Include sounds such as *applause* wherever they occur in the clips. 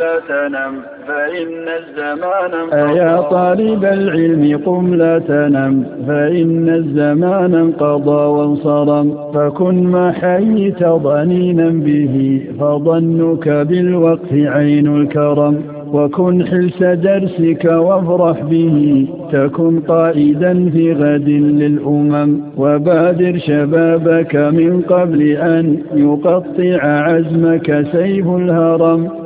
لا تنم فإن الزمان يا طالب العلم قم لا تنم فإن الزمان انقضى وانصرم فكن ما حييت ضنينا به فظنك بالوقت عين الكرم وكن حلس درسك وافرح به تكن قائدا في غد للأمم وبادر شبابك من قبل أن يقطع عزمك سيف الهرم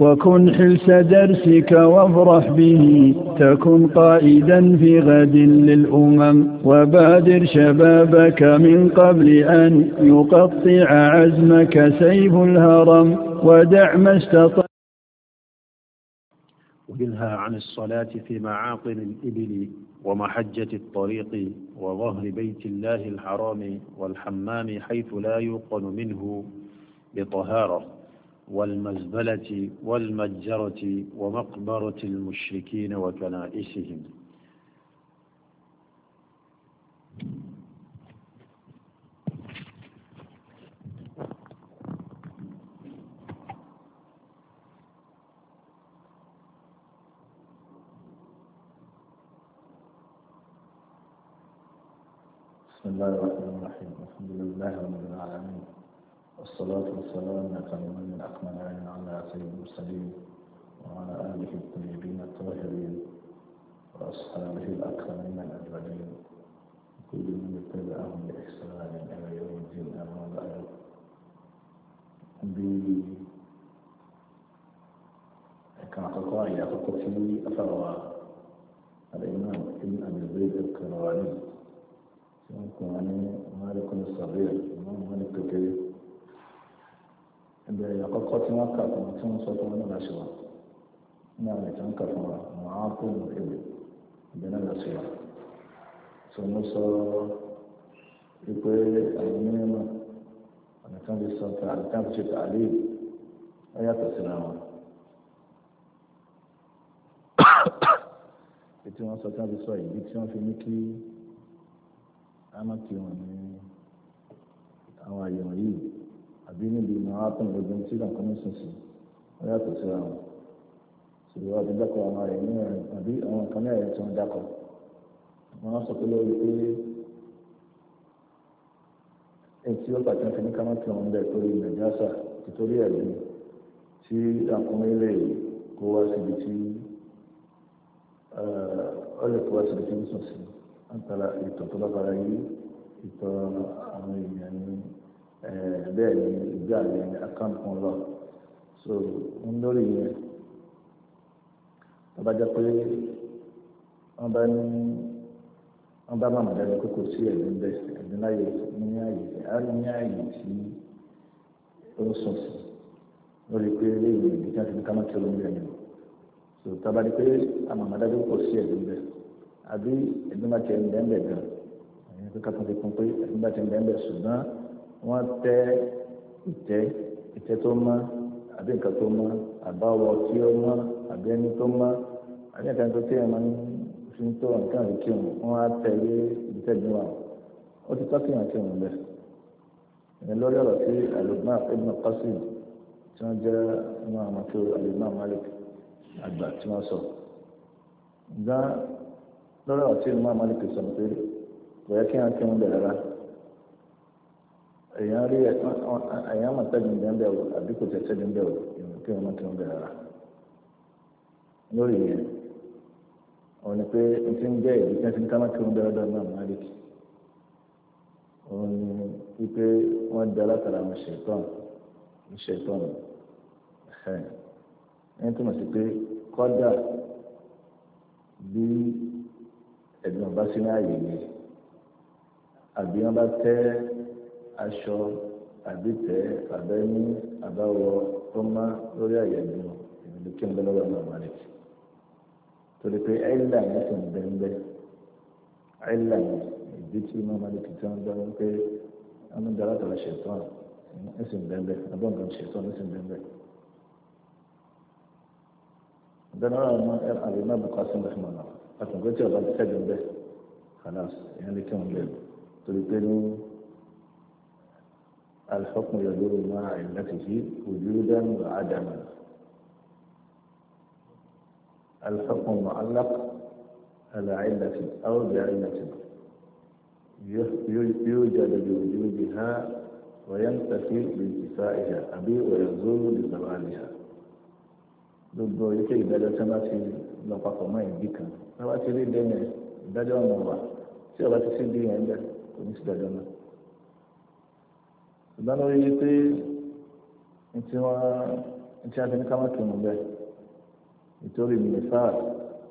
وكن حلس درسك وافرح به تكن قائدا في غد للأمم وبادر شبابك من قبل أن يقطع عزمك سيف الهرم ودع ما استطعت وبنها عن الصلاة في معاقل الإبل ومحجة الطريق وظهر بيت الله الحرام والحمام حيث لا يوقن منه بطهارة والمزبلة والمجرة ومقبرة المشركين وكنائسهم بسم الله الرحمن الرحيم الحمد لله رب العالمين والصلاة والسلام أتمان أكملين على سيد المرسلين وعلى آله الطيبين الطاهرين وأصحابه الأكرمين الأجمعين وكل من اتبعهم بإحسان إلى يوم الدين أما بعد كان قطاعي أفقتي أفرى الإمام ابن أبي زيد القراني سيكون مالك الصغير مالك الكبير ìbẹ̀rẹ̀ àkọ́kọ́ tí wọ́n kà fún tí wọ́n sọ fún wọn náà láṣẹ wa ní àwọn ìtàn kà fún wa wọn á kó ìmọ̀ ewì ìbẹ̀ náà láṣẹ wa tó mo sọ wípé àwọn mímọ àmì tán fi sọ ta àmì tán fi ṣe tààlé ó yàtọ̀ síra wọn. ètò wọn sọ tí wọn sọ ìdí tí wọn fi ní kí á má kí wọn ní àwọn àyẹ̀wò yìí àbí níbi ìmọ̀ràn ápùn lójúm tí nǹkan ní sísìn wọ́n yàtọ̀ síra wọn ṣùgbọ́n wọ́n ti dákọ̀ àwọn rẹ̀ ní ẹ̀rìn àbí àwọn nǹkan ní ẹ̀rìn tí wọ́n dákọ̀ wọ́n sọ pé lórí pé etí ó pàtàkì fi ní ká má ti wọn bẹ̀ torí nàìjíríà nítorí ẹ̀rí tí àkùnrin lè kó wá síbi tí ọ lè kó wá síbi tí ń sùn sí àtàlà ìtọ̀ tó bá fara yí ìtọ̀ àwọn èèyàn ní Eh, bẹ́ẹ̀ ni ìgbà yẹn akáǹpọ̀n lọ so ń lórí yẹn wọ́n bá jẹ́ pé wọ́n bá ní wọ́n bá màmá dájú pé kò sí ẹ̀dín bẹ́ẹ̀ ẹ̀dín láyé ní ààyè ní ààyè tí ó ń sùn sí lórí pé eléyìí ìdí tí wọ́n ti ní kámọ́ tí ó lóun yẹn ni so tábà di pé àmàmá dájú kò sí ẹ̀dín bẹ́ẹ̀ àbí ẹ̀dín bá ti ẹ̀ bẹ́ẹ̀ gan ẹ̀yìn pé ká tó fi kún pé ẹ̀dín bá ti ń bẹ́ẹ̀ bẹ́ẹ̀ ṣùgbọ́n wọ́n tẹ ìtẹ́ ìtẹ́ tó mọ́ àbí nǹkan tó mọ́ àbáwọ̀ tí ó mọ́ àbí ẹni tó mọ́ àbí nǹkan tó tẹ́ ẹ̀ máa ń fi ń tọ́ nǹkan rẹ̀ kí òun wọ́n á tẹ̀lé ìtẹ́jú wa ó ti tọ́ kí èèyàn kí òun bẹ̀. ìyẹn lórí ọ̀rọ̀ tí Al-Imam Ibn tí wọ́n jẹ́ inú àwọn tó àgbà tí wọ́n èèyàn rí èèyàn mọ̀ sẹ́gun bẹ́ẹ̀ bẹ́ẹ̀ o àbí kò tẹ̀ sẹ́gun bẹ́ẹ̀ o èèyàn kí wọ́n mọ̀ tó ń bẹ̀rẹ̀ rà lórí yẹn òun ni pé n ti ń jẹ́ ìdí tí wọ́n ti ń ká má tó ń bẹ̀rẹ̀ dọ́ náà malik òun ni wípé wọ́n di alátara àwọn ṣètọ́n ṣètọ́n ẹ̀hẹ́n ẹni tó sí pé kọ́dà bí ẹ̀gbọ́n bá sí ní ààyè yìí àbí wọ́n bá tẹ́ aṣọ àbítẹ àbẹ́ní àbáwọ tó má lórí àyẹ̀dùn ìrìnlẹ̀ kí n bẹ lọ́wọ́ ọmọ rẹ̀ torí pé ẹ̀là yẹn sì ń bẹ́ńbẹ́ ẹ̀là yẹn ìdí tí mọ́ máa lè fi tí wọ́n gbọ́ pé wọ́n ń dará tọ̀rọ̀ ṣètọ́n ń sì ń bẹ́ńbẹ́ àbọ̀ nǹkan ṣètọ́n ń sì ń bẹ́ńbẹ́. dáná ọmọ àbí má bùkọ́ sí ìgbà mọ̀nà àtúntò tí ọba ti sẹ́gun bẹ́ẹ̀ kàlá ẹ̀ الحكم يدور مع علته وجودا وعدما الحكم معلق على علة أو بعلة يوجد بوجودها وينتفي بانتفائها أبي ويزول بزوالها ضد يكي بدأت ما في نفق ما يبكى ما تريد دينه بدأ مرة سيغلت سيدي عندك ونسبة دينه ìgbọ́n lórí wípé ntí wọ́n ntí wọ́n ti ní ká má kírun bẹ́ẹ̀ nítorí mẹ́fà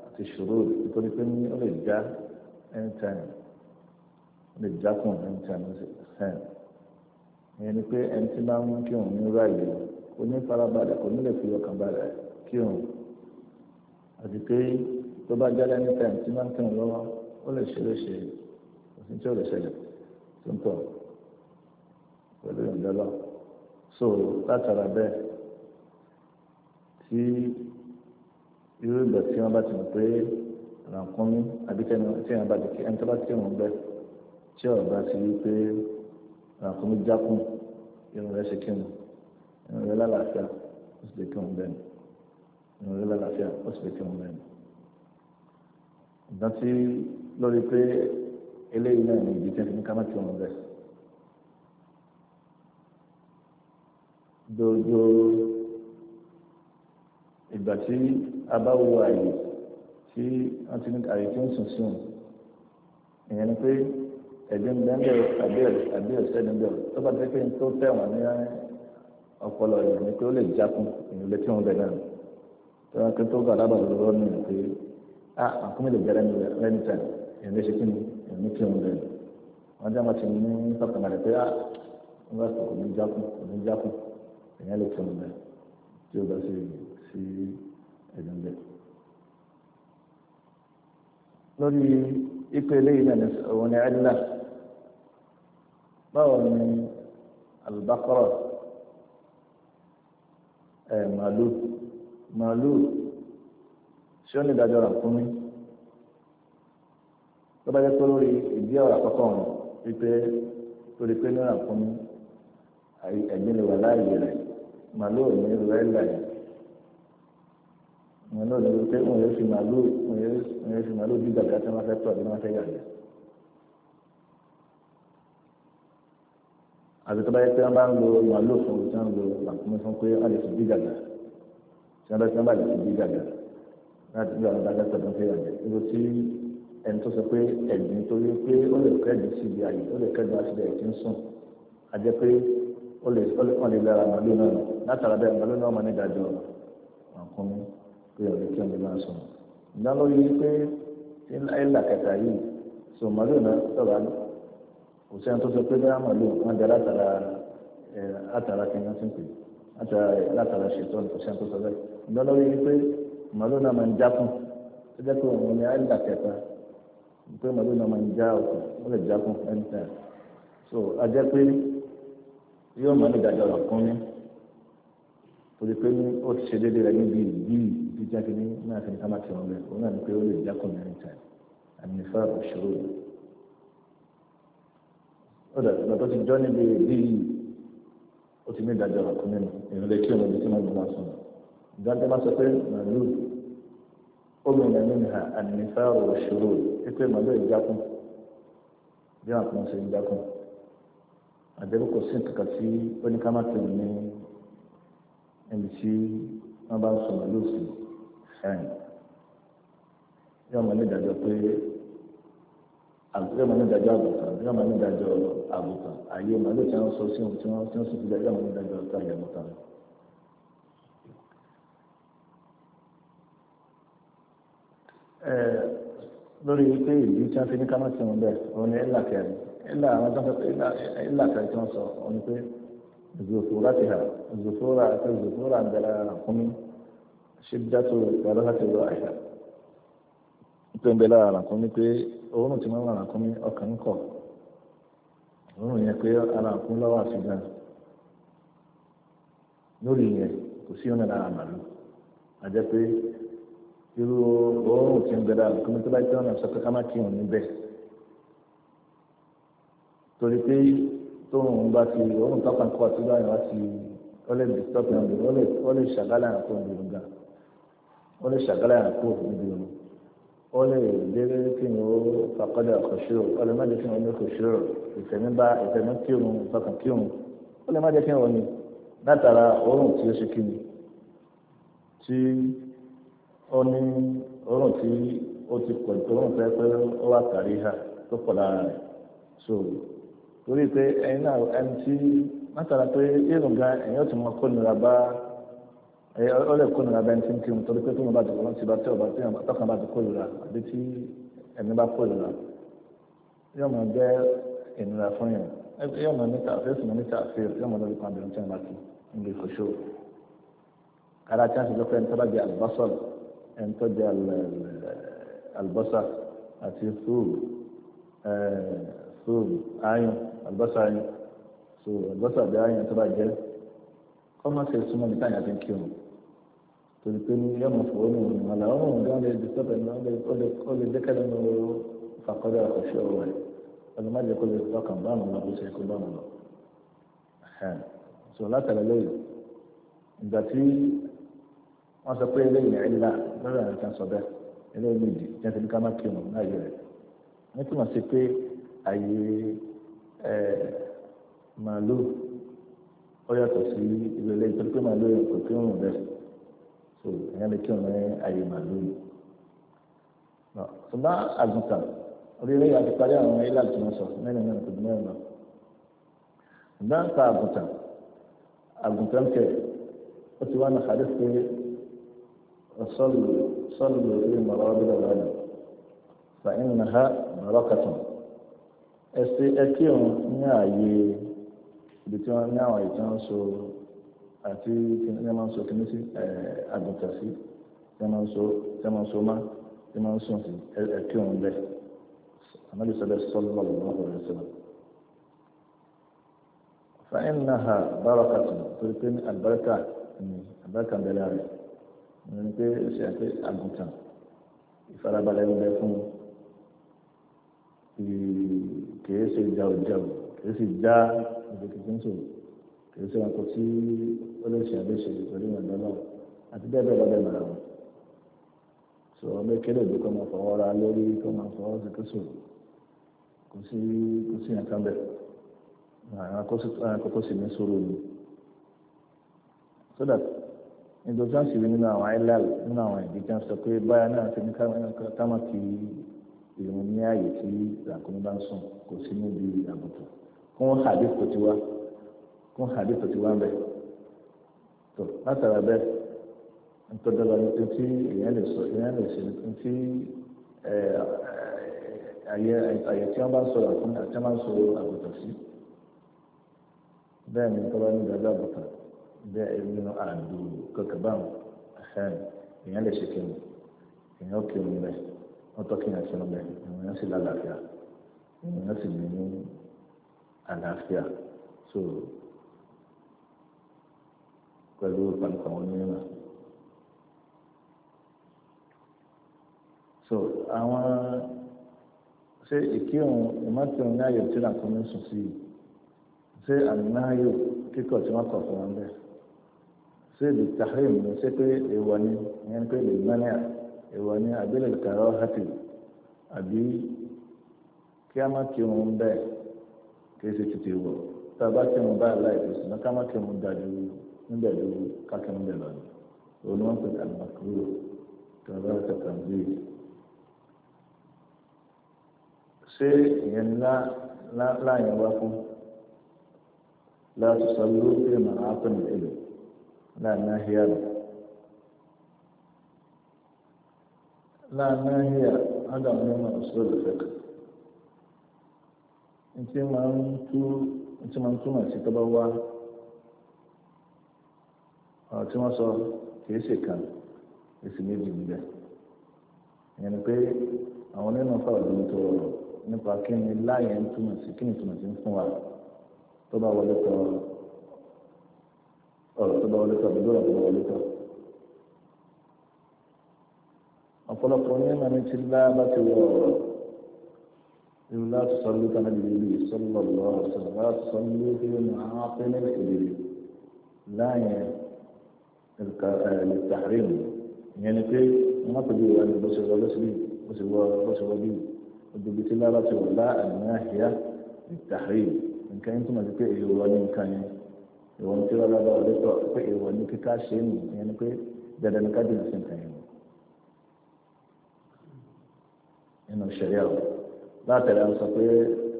àti ṣòro nítorí pé ní ó lè já anytime ó lè já kùn anytime sẹ́yìn ìyẹn ni pé ẹni tí máa ń kírun ní ráàyè onífarabalẹ̀ kò ní lè fi ọkàn balẹ̀ kírun àti pé tó bá jáde anytime tí máa ń kírun lọ́wọ́ ó lè ṣe é tí ó lè ṣẹlẹ̀ tó ń tọ̀ pẹ̀lú ìjọlọ so látara bẹ́ẹ̀ tí irú ìgbà tí wọ́n bá ti mọ̀ pé rànkúnmí àbí tí wọ́n bá ti kí ẹni tó bá kírun bẹ́ẹ̀ tí ọ̀gá ti rí pé rànkúnmí jákùn irun rẹ̀ ṣe kírun irun rẹ̀ lálàáfíà ó sì lè kírun bẹ́ẹ̀ ni irun rẹ̀ lálàáfíà ó sì lè kírun bẹ́ẹ̀ ni. ìdán tí lórí pé eléyìí náà ní ìdí tẹ́lifíńkámẹ́tì wọn bẹ́ẹ̀. Dojo, ìgbà tí a bá wo àyè tí wọ́n ti ní àyè tí ń sùn sùn ìyẹn ni pé ẹ̀jẹ̀ ń bẹ́ẹ̀ àbíọ̀ àbíọ̀ sẹ́ni bẹ́ẹ̀ tó bá jẹ́ pé n tó tẹ̀wọ̀n ní ọpọlọ ìyẹn ni pé ó lè jákun ìyẹn létí òun bẹ̀ náà tó bá tó bá alábà lọ́wọ́ ní ìyẹn pé a ah, àkúmí lè bẹ̀rẹ̀ lẹ́nu tẹ̀ ìyẹn lè ṣe kí ni ìyẹn létí òun bẹ̀ wọ́n jẹ́ wọn ti ní sọ̀kànlẹ̀ èèyàn lè sọ̀rọ̀ bẹ́ẹ̀ tí ó bá sì sí ẹ̀dùn bẹ́ẹ̀. lórí ìpele ìlànà òun ni ẹ̀dínlá báwo ni alùbákọ́rọ̀ ẹ̀ màálù màálù ṣé ó ní ìdájọ́ rà fún mi tó bá jẹ́ pé lórí ìdí ọ̀rọ̀ àkọ́kọ́ wọn wípé torí pé ní ọ̀rọ̀ fún mi ẹ̀gbin lè wà láàyè rẹ̀ màlúù ní ìlú ẹ̀là yìí wọn náà lórí pé wọn yóò fi màlúù wọn yóò fi màlúù bí gàgà tí wọn fẹ́ tọ̀ bí wọn fẹ́ yàgbẹ́. àti tó bá yẹ pé wọn bá ń lo màlúù fún ojú tí wọn ń lo làkúnmí fún pé wọn lè fi bí gàgà tí wọn bá ti wọn bá lè fi bí gàgà láti bí wọn bá gàgà tó ń fẹ́ yàgbẹ́ ibi tí ẹni tó sọ pé ẹ̀gbìn torí pé ó lè kẹ́ẹ̀dì síbi àyè ó lè kẹ́ẹ̀dì ó lè ó lè lára màálù náà lọ látara bẹ́ẹ̀ màálù náà máa ní ìdájọ́ àkúnmí pé ọ̀rẹ́ kí ọ̀rẹ́ máa sùn. ìdá ló yí pé ẹ̀là kẹta yìí sọ màálù náà sọ̀rọ̀ àlọ́ kò sẹ́ni tó sọ pé bẹ́ẹ̀ màálù wọn jẹ́ látara ẹ̀ látara kẹ́yìn tó ń pè látara ẹ̀ látara ṣètò kò sẹ́ni tó sọ bẹ́ẹ̀. ìdá ló yí pé màálù náà máa ń jákùn tó jẹ́ pé òun ni ẹ̀là kẹta pé màálù náà já òkun ó lè jákùn so a jẹ́ pé yóò mọ ní ìdájọ́ ọ̀rọ̀ kan ní torí pé ó ti ṣe déédéé rẹ níbi ìbíì jíjá kí ní náà fi ní ká má ti wọn rẹ òun náà ní pé ó lè jákùn ní ẹ̀ńtà àmì ìfẹ́ òṣèré rẹ. ó dà ìgbà tó ti jọ́ níbi ìbíì ó ti ní ìdájọ́ ọ̀rọ̀ kan nínú ìrìnlẹ̀ kí ọmọdé tí wọ́n gbọ́ máa sọ̀rọ̀ ìdájọ́ máa sọ pé màálù obìnrin ẹ̀mí ni àmì ìfẹ́ òṣèré rẹ pé màálù ìjákùn bí àwọn kan ṣe ń jákùn àdébò kò sí nǹkan tí oníkámátì ní ẹni tí wọ́n bá ń sọ̀rọ̀ lóòsì ẹ̀yìn yóò máa ní ìdájọ́ pé yóò máa ní ìdájọ́ àgùntàn yóò máa ní ìdájọ́ àgùntàn ààyè màálù tí wọ́n sọ sí ohun tí wọ́n tí wọ́n sì fi dájọ́ àwọn ìdájọ́ ọ̀tá àyè àgùntàn. lórí pé tí fi ní wọn òun ni ilà àwọn tó ń sọ pé ilà kan tí wọ́n sọ òun pé zòfòrà ti hà zòfòrà àti zòfòrà ń bẹ̀rẹ̀ àkúnmí ṣíbdátò ìpàdé láti lọ àyà tó ń bẹ̀rẹ̀ àkúnmí pé òórùn tí wọ́n wà àkúnmí ọkàn ń kọ̀ òórùn yẹn pé ara àkúnmí lọ́wọ́ àfihàn lórí yẹn kò sí ọ̀nà lára màlúù àjẹ́ irú òórùn tí ń bẹ̀rẹ̀ àkúnmí tó bá jẹ́ ọ̀nà sọ pé ká má kí òun níbẹ̀ torí pé tóun bá ti òun tọkàn kọ tí báyìí wá ti wọ́n lè dìtọ́pì ọ̀dọ̀ wọ́n lè ṣàgálà àkó ìdìrún gan wọ́n lè ṣàgálà àkó ìdìrún wọ́n lè lérí kí ni ó fàkọ́dà kòṣó wọ́n lè má jẹ́ kí wọ́n ní kòṣó ìfẹ̀mí bá ìfẹ̀mí kí òun tọkàn kí òun wọ́n lè má jẹ́ kí ní látara òórùn tí ó ṣe kí ni tí ó ní òórùn tí ó ti pọ̀ tó òórùn pẹ́ẹ́pẹ́ ó wà kárí ha tó pọ̀ torí pé ẹ̀yin náà ẹni tí látara pé irun gan ẹ̀yin ó ti mọ kó nira bá ọ lè kó nira bá ẹni tí ń kírun torí pé tó ń bá jùlọ ti bá tẹ ọba tí ọkàn bá ti kó nira àbí tí ẹni bá kó nira yóò máa jẹ ìnira fún yẹn yóò máa níta àfẹ́ yóò máa níta àfẹ́ yóò máa lórí kan bẹ̀rẹ̀ tí wọ́n bá ti ń lè fò ṣó ara tí wọ́n ti jọ pé ẹni tó bá jẹ àlùbọ́sọ̀ ẹni tó jẹ àlùbọ́sà àti fúrú ẹ̀ẹ́ so aáyàn àlùbọ́sà aáyàn so àlùbọ́sà àbí aáyàn tó bá jẹ́ kọ́ má ṣe súnmọ́ níta ìyá fi ń kírun torí pé ní yọ̀mọ̀ fọwọ́ ní òun àlà o òun o lè disturb ẹ̀mí ó o dékẹ́ lẹ́nu o ọ̀ṣẹ́ ọ̀rọ̀ rẹ̀ ọ̀nà má jẹ́ kó lè tọkàn bá àwọn ọmọ ṣe kó bá àwọn lọ. so látara lóyè ìgbà tí wọ́n sọ pé eléyìí ẹ̀ ńlá lọ́rọ̀ àti àṣọ bẹ́ẹ̀ eléyìí nìdí jẹ́ ti ní ká má kírun láàyè rẹ̀ nítorí wọ́n ṣe pé àyè ẹ màlúù ó yàtọ̀ sí ìrẹ̀lẹ̀ ìtọ́jú pé màlúù yẹn kò ń kírun bẹ́ẹ̀ so ìyẹn lè kírun ní àyè màlúù yìí nà ṣùgbọ́n àgùntàn oríire àti parí àwọn ilé àti wọn sọ mẹ́rin náà dùn mẹ́rin náà ṣùgbọ́n ta àgùntàn àgùntàn tẹ ó ti wá nà àdé pé sọlù sọlù lórí mọ̀rọ́ ọ́dún lọ́wọ́ rẹ̀ fa ń nà ha mọ̀rọ̀ kàtàn. ẹsẹ ẹkí òun ní ààyè ibi tí wọn ní àwọn èyí tí wọn so àti tí wọn máa ń so kìíní sí àgùntàn sí tí wọn máa ń so tí wọn máa ń so má tí wọn máa ń sùn sí ẹkí òun bẹ ànábi sọlẹ sọlọ lọwọ lọwọ rẹ sọlọ. فإنها بركة تلقين البركة البركة بلاري من كي سيأتي أبوتان ìfarabalẹ̀ ń bẹ fún kìí ṣe jàùjàù kìí ṣe já ìdè tuntun sòrò kìí ṣe ọkọ tí ó lè ṣe àbẹ̀ṣe pẹ̀lú ìrìnàjò náà àti bẹ́ẹ̀ bẹ́ẹ̀ lọ́dẹ̀ màrà wọn. sọ ọmọ kéde ìlú kọ́ máa fọwọ́ ra lórí kọ́ máa fọwọ́ ṣe tó sòrò kò sí kò sí nǹkan bẹ́ẹ̀ àwọn akọ́kọ́ sì ní sòrò ni. sódà ìdòtí wọn sì rí nínú àwọn àìlẹ́l nínú àwọn ìdí sọ pé báyà náà ti ní ká ìrún ní ààyè tí ràkúnmí bá ń sùn kò sí níbi àbùkù kún hadith tó ti wá kún hadith tó ti wá bẹ́ẹ̀ tó látara bẹ́ẹ̀ ntọ́jọba ní tí èèyàn lè sọ èèyàn lè ṣe ní tí àyè tí wọ́n bá ń sọ ràkúnmí àti wọ́n bá ń sọ àbùkù sí bẹ́ẹ̀ ni tọ́ba ní ìdájọ́ àbùkù bẹ́ẹ̀ nínú àdó kankan báwọn èèyàn lè ṣe kéwòn èèyàn kéwòn bẹ́ẹ̀ wọ́n tọ́ kí n àṣẹ ọ̀bẹ àwọn èèyàn sì lálàáfíà àwọn sì ní àlàáfíà so pẹ̀lú ìpàdùkọ̀ àwọn onímọ̀. so àwọn ṣé ìkí òun ìmọ̀tìrún ní ayò tí làkọ́ ní sùn sí yìí ṣé àmì náà yò kíkọ̀ tí wọ́n kọ̀ fún wọn bẹ́ẹ̀ ṣé ìdìtàhìm ní ṣé pé èèwọ̀ ni ìyẹn pé lè mẹ́rin ìwọ ní abẹ́lẹ̀ kàrọ́ hàtì àbí kí a má kí wọn bẹ́ẹ̀ kí ẹsẹ̀ tètè wọ̀ tá a bá kí wọn báyìí láì tó sùn ká má kí wọn dájú níbẹ̀ ló ká kí wọn bẹ̀ lọ́nà òun ni wọ́n pè àlùmọ̀kúrò tó a bá tẹ̀ka ń bí ṣé ìyẹn ńlá wá fún láti sọ lórí èèmọ̀ ápẹ́nì èlò láàrin áhíà rẹ̀. láàánú híà ádàm nínú usul al-fiqh ntí máa ń tu ntí máa ń túmọ̀ sí tọ́ba wá ọ̀rọ̀ tí wọ́n sọ kìí ṣe kan èsì méjì níbẹ̀ ìyẹn ni pé àwọn onímọ̀ fáwọn ọdún tó rọrùn nípa kí ni láàyè ń túmọ̀ sí kí ni túmọ̀ sí ń fún wa tọ́ba wọlé tọ́ ọ̀rọ̀ tọ́ba wọlé tọ́ àbúrò ọ̀rọ̀ tọ́ba wọlé tọ́. ọ̀pọ̀lọpọ̀ ní ẹ̀mà ní ti lá bá ti wọ ọ̀rọ̀ ìlú láti sọ lóta náà lèlú ìsọlọ lọ sọlọ láti sọ lóta náà àwọn pẹ́ẹ́lẹ́ ìlú láàyè ìtàrí mu ìyẹn ni pé wọ́n pè bí wọ́n bó ṣe wọ lọ́sibí bó ṣe wọ bó ṣe wọ bí odòbí ti lá bá ti wọ lá àná àhíyá ìtàrí nǹkan yẹn túmọ̀ sí pé èèwọ̀ ní nǹkan yẹn èèwọ̀ ní tí wọ́n bá bá wọlé tọ́ pé èèwọ̀ ní kíkà ṣe é nù ìyẹn ni pé dandan ní ká jìnnà sí nǹkan yẹn nínú ìṣẹ̀lẹ̀ ọ̀ látàrí àwọn sọ pé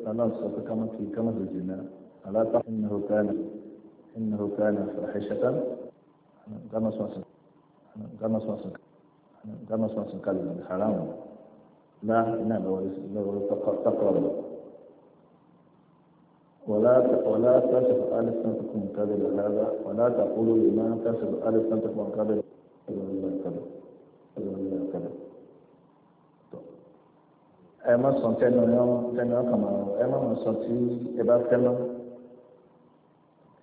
lọ́nà sọ pé kámọ́ kí kámọ́ sì jìnnà aláta innahu kana innahu kana fahishatan gama sọ̀sìn gama sọ̀sìn gama sọ̀sìn kalẹ̀ ní haram la iná lọ́wọ́ tọkọ̀rọ̀ ولا ولا تصف ألسنتكم كذب هذا ولا تقولوا لما تصف ألسنتكم كذب ẹ má sọ tẹnu yẹn tẹnu yẹn kàmá ẹ má má sọ tí ẹ bá fẹ́ lọ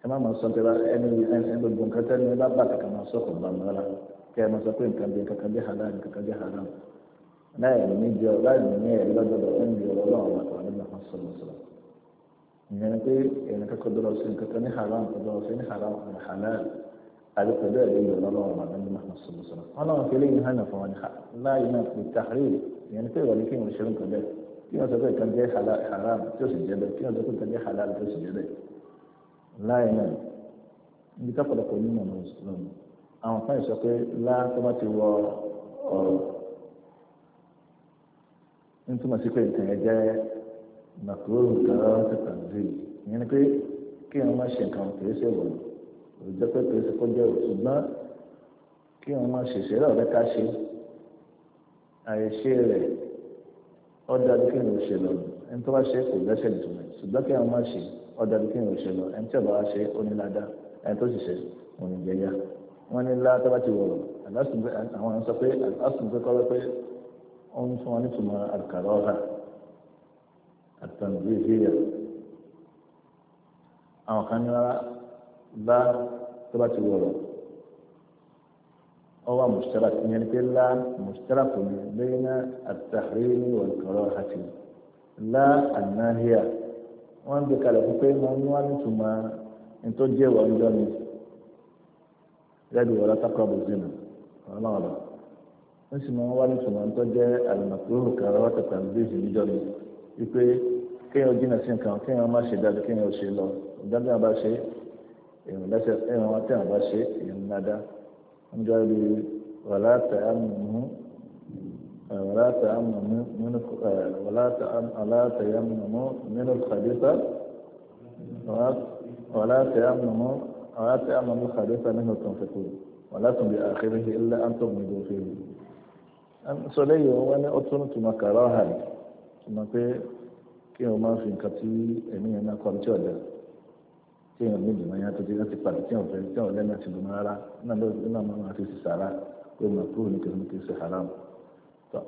ẹ má má sọ tí ẹ bá ẹni ẹni gbogbo nǹkan tẹnu ẹ bá bá kàkà má sọ kò bá mọ ẹ la kẹ ẹ má sọ pé nǹkan bí nǹkan bí halal nǹkan bí haram láì ní jọ láì ní ẹ lọdọdọ ẹni bí ọlọ́run àwọn àtàwọn ẹni bá wọn sọ̀rọ̀ sọ̀rọ̀ ìyẹn pé ẹni kakọ dọrọ sí nǹkan tó ní haram kọ dọrọ sí ní haram ní halal àti pẹ̀lú ẹni bí ọlọ́run àwọn àtàwọn ẹni bá wọn sọ̀rọ̀ sọ̀rọ̀ ọlọ́run fi lè yín hàn fún wọn ní láì ìyẹn ni pé ìwà ni kí wọ́n ṣe nǹkan bẹ́ẹ̀ haram tí ó sì jẹ́ bẹ́ẹ̀ halal tí ó sì jẹ́ bẹ́ẹ̀ láì náà ibi tọ́pọ̀lọpọ̀ onímọ̀ náà àwọn kan sọ pé lá tó bá ti wọ ọ̀rọ̀ ń túmọ̀ sí pé nǹkan yẹn jẹ́ màkúrò tọ́rọ́ ti tàbí ìyẹn ni pé kí wọ́n má ṣe nǹkan kìí ṣe wọ̀ àìṣe rẹ̀ ó dájú kí èèyàn ṣe lọ ẹni tó bá ṣe kò lẹ́sẹ̀ nítorí ṣùgbọ́n kí èèyàn má ṣe ó dájú kí èèyàn ṣe lọ ẹni tí ọba wa ṣe ó ní ládàá ẹni tó sì ṣe òun ìjẹyà wọn ní ládàá bá ti wọ̀rọ̀ àwọn ẹni sọ pé àlásùn pé kọ́lọ́ pé ó ń fún wọn nítumọ̀ àkàrà ọ̀hà àtàǹdì ìhìyà àwọn kan ní rárá bá tó bá ti wọ̀rọ̀ هو مشترك يعني كلا مشترك بين التحريم والكراهة لا الناهية وان بكالة فكي ممنوع ثم انتو جي وانجاني يدو ولا تقرب الزنا الله الله wọ́n sì máa ń wá nítumọ̀ tó jẹ́ àlùmọ̀kúrò kan wá tẹ̀tẹ̀ àlùbíyèsí níjọ́ mi wípé kéèyàn jìnnà sí nǹkan kéèyàn má ṣe dájú kéèyàn ṣe lọ ìdájọ́ àbá ṣe èèyàn lẹ́sẹ̀ èèyàn wá tẹ̀yàn bá ṣe èèyàn ń dáadáa من قال ولا تأمنه ولا تأمنوا من ولا تأم ولا تيمموا من الخبيث ولا تيمموا ولا تيمموا الخبيث منه تنفقون ولكم بآخره إلا أن تغمضوا فيه sọlẹ́yìn wọn ní ọtún tó máa kàrọ̀ hàn tó máa pé kí wọ́n máa fi nǹkan ẹ̀mí yẹn náà kọ́ ní téèyàn méjì máa yàtọ̀ tí láti pàdé tí ọ̀fẹ́ tí ọ̀lẹ́ náà ti dùn mọ́ ara náà bẹ́ẹ̀ náà máa máa fi ṣe sàrà pé mà kúrò ní kìlómù kì í ṣe haram tọ́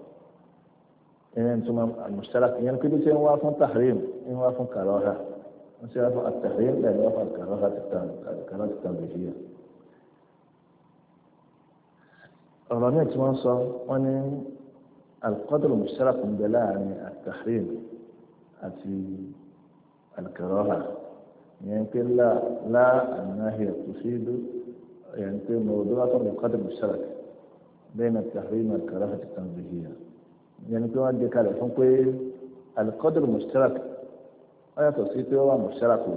ìyẹn tó máa àmùsàrà ìyẹn kí ló ṣe ń wá fún tahrim ń wá fún kàrọ́hà ń ṣe wá fún àtàhrim lẹ́yìn wá fún kàrọ́hà ti tàn lè yíyà. ọ̀rọ̀ míì tí wọ́n sọ wọ́n ní alqadr mùsàrà kùn bẹ láàrin àtàhrim àti alkàrọ́hà. yẹn nke lá lá ànáhìá kò sí ìlú yẹn pé mọ̀ọ́dọ́ látọ̀ lè kọ́ dẹ̀bù sára bẹ́ẹ̀ náà tàbí nke kàrà àti tàǹzìhìyà yẹn pé wọ́n jẹ kalẹ̀ fún pé alikọ́dọ̀rù mùsítáràkì wọ́n yàtọ̀ sí pé na wà mùsítáràkì ni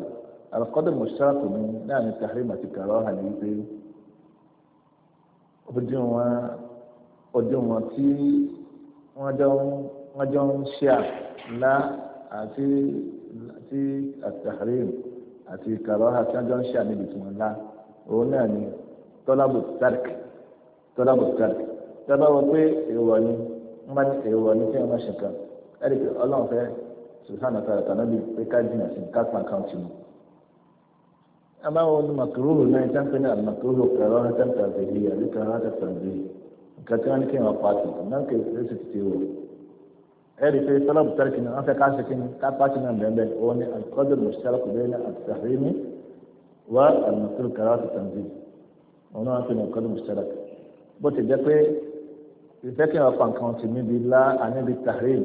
àti kàrọ́hà tí wọ́n jọ ń ṣe àmì ìbìtì ńlá òun náà ni tọ́lábù tárk tọ́lábù tárk tọ́lá pé èèwọ̀ ni ń bá èèwọ̀ ni kí wọ́n ṣe kan ẹ̀rí pé ọlọ́run fẹ́ sùsánà tààrà tààrà pé ká jìnnà sí ká pa mu. a máa wọ ní màkúrúhù náà ẹ̀rí pé sọ́lọ́bù tẹ́lẹ̀kì náà wọ́n fẹ́ ká ṣe kí ni ká pàṣẹ náà bẹ́ẹ̀ bẹ́ẹ̀ wọ́n ní alikọ́jọ́ mọ̀ṣẹ́lá kò bẹ́ẹ̀ ní àtàrímì wá àlùmọ̀tòrò kàrà àti tàǹdì wọn náà fi ní alikọ́jọ́ mọ̀ṣẹ́lá bó ti jẹ́ pé ìfẹ́ kí wọ́n pa nǹkan ti níbi lá àníbi tàhírìm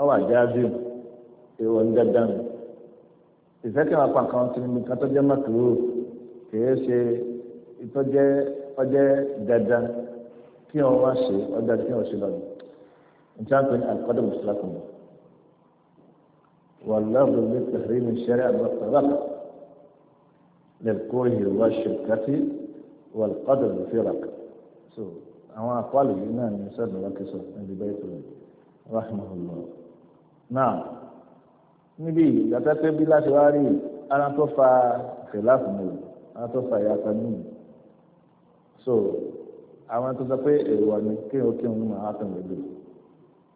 ọwà jáàzìm èèwọ̀ dandan ìfẹ́ kí nǹkan ti níbi kan tó jẹ́ mọ́tòrò kìí إنسان القدم القدر والسلام واللفظ للتحريم الشرع والطلاق للكره والشركة والقدر الفرق سو أما قال الإمام يسأل وكسر من بيت رحمه الله نعم نبي yàtọ̀ pé bí láti wá rí ara tó fa kìláàfù mi ara tó fa ìyàtọ̀ mi so àwọn tó sọ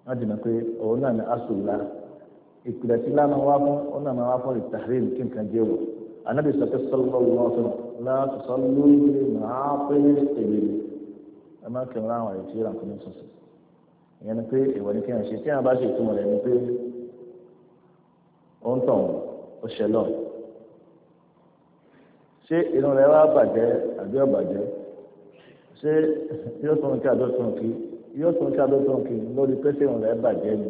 wọ́n jìnnà pé òun náà ní asùlá ìpìlẹ̀ tí lánà wá fún òun náà máa wá fún ìtàhírìm kí nǹkan jẹ́ wò anábì sọ́kẹ́ sọ́lọ́ lọ́sọ̀ láti sọ lórí màá pé èlé ẹ má kẹrin àwọn àyè tí ó rà fún mi sọ̀sọ̀ ìyẹn ni pé ìwọ ni kí n ṣe tí a bá ṣe ìtumọ̀ rẹ̀ ni pé ó ń tàn ó ṣe lọ ṣé inú rẹ̀ wá bàjẹ́ àbí ọ̀bàjẹ́ ṣé yóò tún kí àbí ó kí yóò tún sábẹ́ tó ń kiri lórí pẹ́sẹ́ ìrùn rẹ̀ bàjẹ́ ni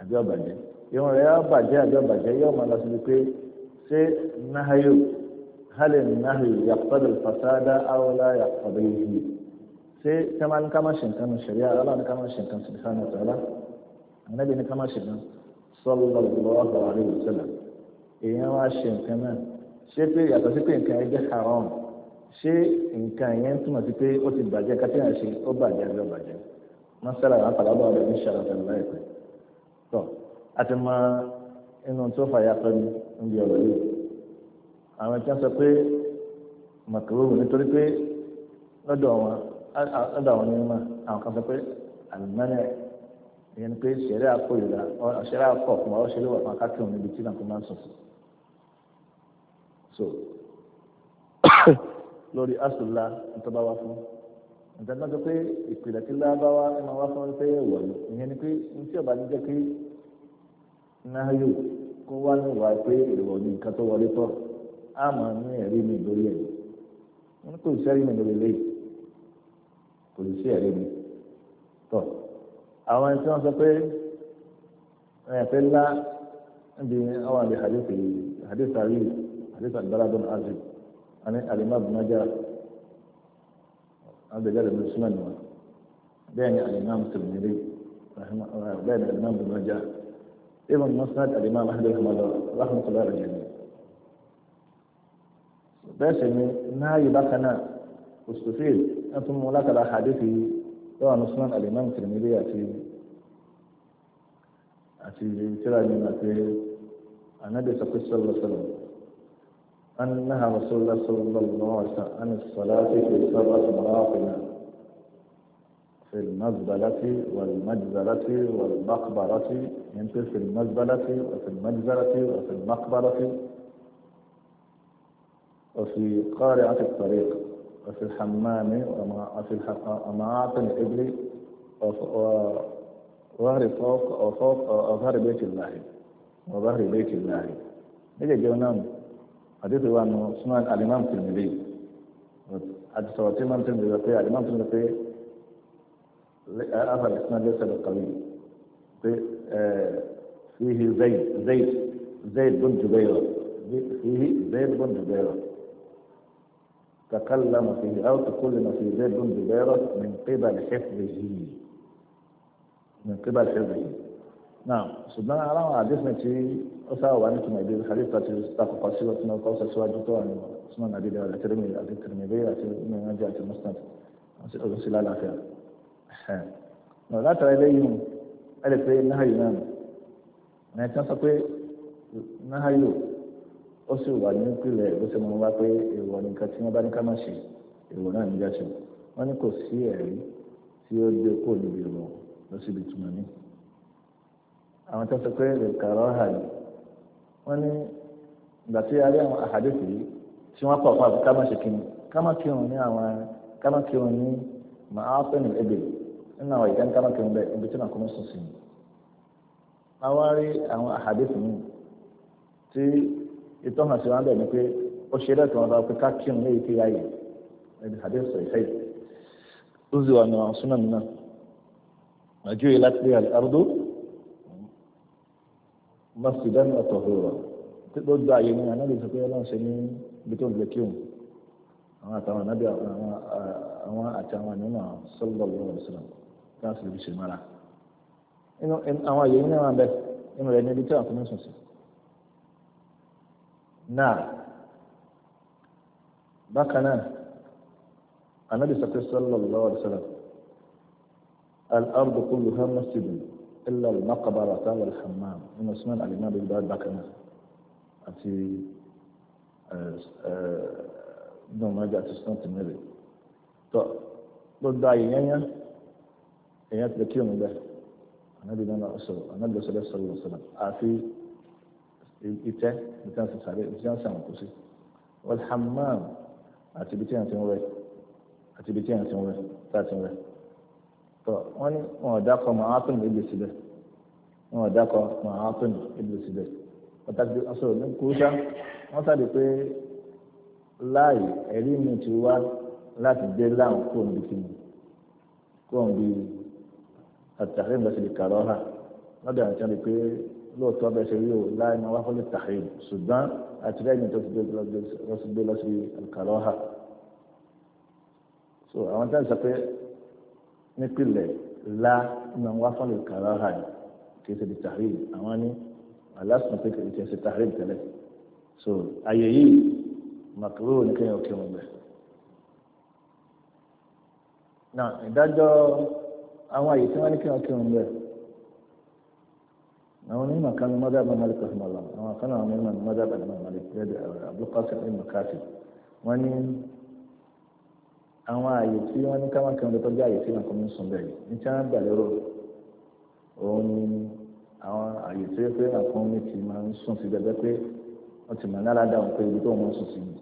àbí ọ̀bàjẹ́ ìrùn rẹ̀ bàjẹ́ àbí ọ̀bàjẹ́ yóò máa lọ síbi pé ṣé náhayò hálẹ̀ náhayò yàtọ̀dọ̀ fàṣádà àwọlá yàtọ̀dọ̀ yìí ṣé kama ní kama ṣe nǹkan ṣẹlẹ̀ àlọ́ ní kama ṣe nǹkan ṣẹlẹ̀ sáà nàtàlá ànábì ní kama ṣe nǹkan sallallahu alaihi wasallam èèyàn wá ṣe nǹkan náà ṣé pé yàtọ̀ sí pé nǹkan ẹgbẹ́ haram ṣé nǹkan yẹn túmọ̀ sí pé ó ti bàjẹ́ kátìyàn ṣe ó bàjẹ́ àbí ọ̀bàjẹ́ mọ́sálà àwọn àpàlábà ọ̀dọ̀ ní ṣàlọ̀ pẹ̀lú láìpẹ́ tọ́ a ti mọ inú tó fàyà pẹ́ mi níbi ọ̀rọ̀ yìí àwọn tí wọ́n sọ pé màkàrúrù nítorí pé lọ́dọ̀ wọn lọ́dọ̀ àwọn onímọ̀ àwọn kan sọ pé àlùmọ́nì ìyẹn ni pé ṣẹ̀rẹ́ àpò ìlà ṣẹ̀rẹ́ àpò fún wa ó ṣe fún akákẹ́wọ̀n níbi tí nàkó máa ń sùn sí *coughs* lórí asùlá ní tó wá fún nǹkan náà sọ pé ìpìlẹ̀ tí lábáwá ẹ máa wá fún ṣe ẹ̀wọ̀ ìyẹn ni pé n tí ọba ní jẹ́ pé náà yóò kó wá ní ìwà pé ìwọ̀ ni nǹkan tó wọlé tọ̀ á máa ní ẹ̀rí mi lórí ẹ̀ wọn kò sí ẹ̀rí mi lórí ilé kò sí ẹ̀rí mi tọ̀ àwọn ẹni tí wọ́n sọ pé ẹ̀ fẹ́ lá níbi àwọn àbí hadith hadith àríyí hadith àgbàlagbọ̀n àzì àní àlìmọ́ àbùmájára. هذا قال ابن سلمان بين الإمام الترمذي بين الإمام ابن ماجه ابن مسند الإمام أحمد رحمه الله الجميع بس هاي بقنا استفيد أنتم ملاك الأحاديث طبعا نصنع الإمام الترمذي أتي أتي ترى من أتي النبي صلى الله عليه وسلم أنها رسول الله صلى الله عليه وسلم عن الصلاة في سبعة مراقنا في المزبلة والمجزرة والمقبرة يمكن يعني في المزبلة وفي المجزرة وفي المقبرة وفي قارعة الطريق وفي الحمام وفي ومعاطن الإبل وظهر فوق وفوق وظهر بيت الله وظهر بيت الله. نجي جونان حديث وان سنن الامام الترمذي حديث سواتي الامام الترمذي يقول الامام الترمذي هذا الاسم ليس بالقوي آه، فيه زيد زيد زيد بن جبير فيه زيد بن جبير تكلم فيه أو تكلم فيه زيد بن جبير من قبل حفظه من قبل حفظه náà ṣùgbọ́n aláwọ̀ àdéhùn tí ó sábà wà nítorí ìdí khalifa ti takọ̀kọ̀ sí ọtún ọkọ̀ ọ̀sẹ̀ síwájú tó wà ní súnmọ́ nàdílé àti tìrìmì àti tìrìmì bẹ́ẹ̀ àti mẹ́rin àti mustad àti ọ̀sẹ̀ lálàáfíà. náà látara eléyìí ẹ lè pe náhàyò náà nù ẹni tí wọ́n sọ pé náhàyò ó sì wà ní ìpìlẹ̀ bó ṣe mọ wá pé èèwọ̀ nìkan tí wọ́n bá ní ká ṣe èèwọ̀ náà níjà ṣe wọ́n ní kò sí ẹ̀rí tí ó dé kó níbi ìrọ̀ lọ síbi túmọ̀ ní. àwọn tó sọ pé ìkàrọ àyè wọn ní ìgbà tí a rí àwọn àhàdìsì yìí tí wọn kọ fún ká má ṣe kí ni ká má kí wọn ní àwọn ká má kí wọn ní màá fẹ́ nù ebè nínú àwọn ìdáni ká má kí wọn bẹ́ẹ̀ ibi tí wọn kọ́ mọ́ sùn sí ni. àwọn rí àwọn na yìí tí ìtọ́hàn sí wọn masjidan atau tí itu gba yang ní anábì sọ pé ọlọ́run ṣe ní ibi tó ń lè kíhùn àwọn àtàwọn anábì sallallahu alaihi wasallam ká sì fi ṣe mara inú àwọn àyè ní àwọn abẹ inú rẹ ní ibi tí àwọn fún mi sùn sí. sallallahu alaihi wasallam al-ardu kulluha masjidun. إلا المقبرة والحمام من اسماء الإمام بغداد بكنا أتي دون آه، آه، ما جاء تسنط النبي طب ضد داي ينيا ينيات بكيون به النبي نانا أسر النبي صلى الله عليه وسلم أتي إتا بتان سنسالي بتان سنسالي والحمام أتي بتان تنوي أتي بتان تنوي تاتنوي tọ wọn ní wọn ò dákọ màátùn ìlú síbẹ̀ wọn ò dákọ màátùn ìlú síbẹ̀ pàtàkì ọsọ ní kúrúṣà wọn sábẹ pé láàyè ẹ̀rí mi ti wá láti dé láwọn kó ń bí kíni kó ń bí àtàrí ìgbésẹ̀ kàrọ́ hà lọ́dọ̀ àti ọ̀rẹ́ pé lóòótọ́ bẹ́ẹ̀ ṣe rí o láì máa wá fọ́lé tàhíì ṣùgbọ́n àti tó ti gbé lọ sí àlùkàrọ́ hà so àwọn táyà sọ pé nípìnlẹ̀ la nà wá fọlẹ̀ kàrà hà ní kì í ṣe di tàrí àwọn ní aláṣùn pé kì í ṣe tàrí tẹ́lẹ̀ so àyè yìí màkúrò ní kéèyàn òkè wọn bẹ̀. náà ìdájọ́ àwọn àyè tí wọ́n ní kéèyàn òkè wọn bẹ̀ àwọn onímọ̀ kan ní mọ́dà bàmálì kọ́sìmọ̀lá àwọn kan náà àwọn onímọ̀ ní mọ́dà bàmálì kọ́sìmọ̀lá Abdul Qasim ibn wọ́n ní àwọn ààyè tí wọ́n ní káwọn kan lọ́tọ́jú ààyè tí nǹkan ń sùn bẹ́ẹ̀ ní tí wọ́n gbà lérò òun ni àwọn ààyè tí wọ́n fẹ́ nǹkan ní ti máa ń sùn sí bẹ́ẹ̀ pé wọ́n ti mọ̀ náírà dáhùn pé ibi tó wọ́n sùn sí ni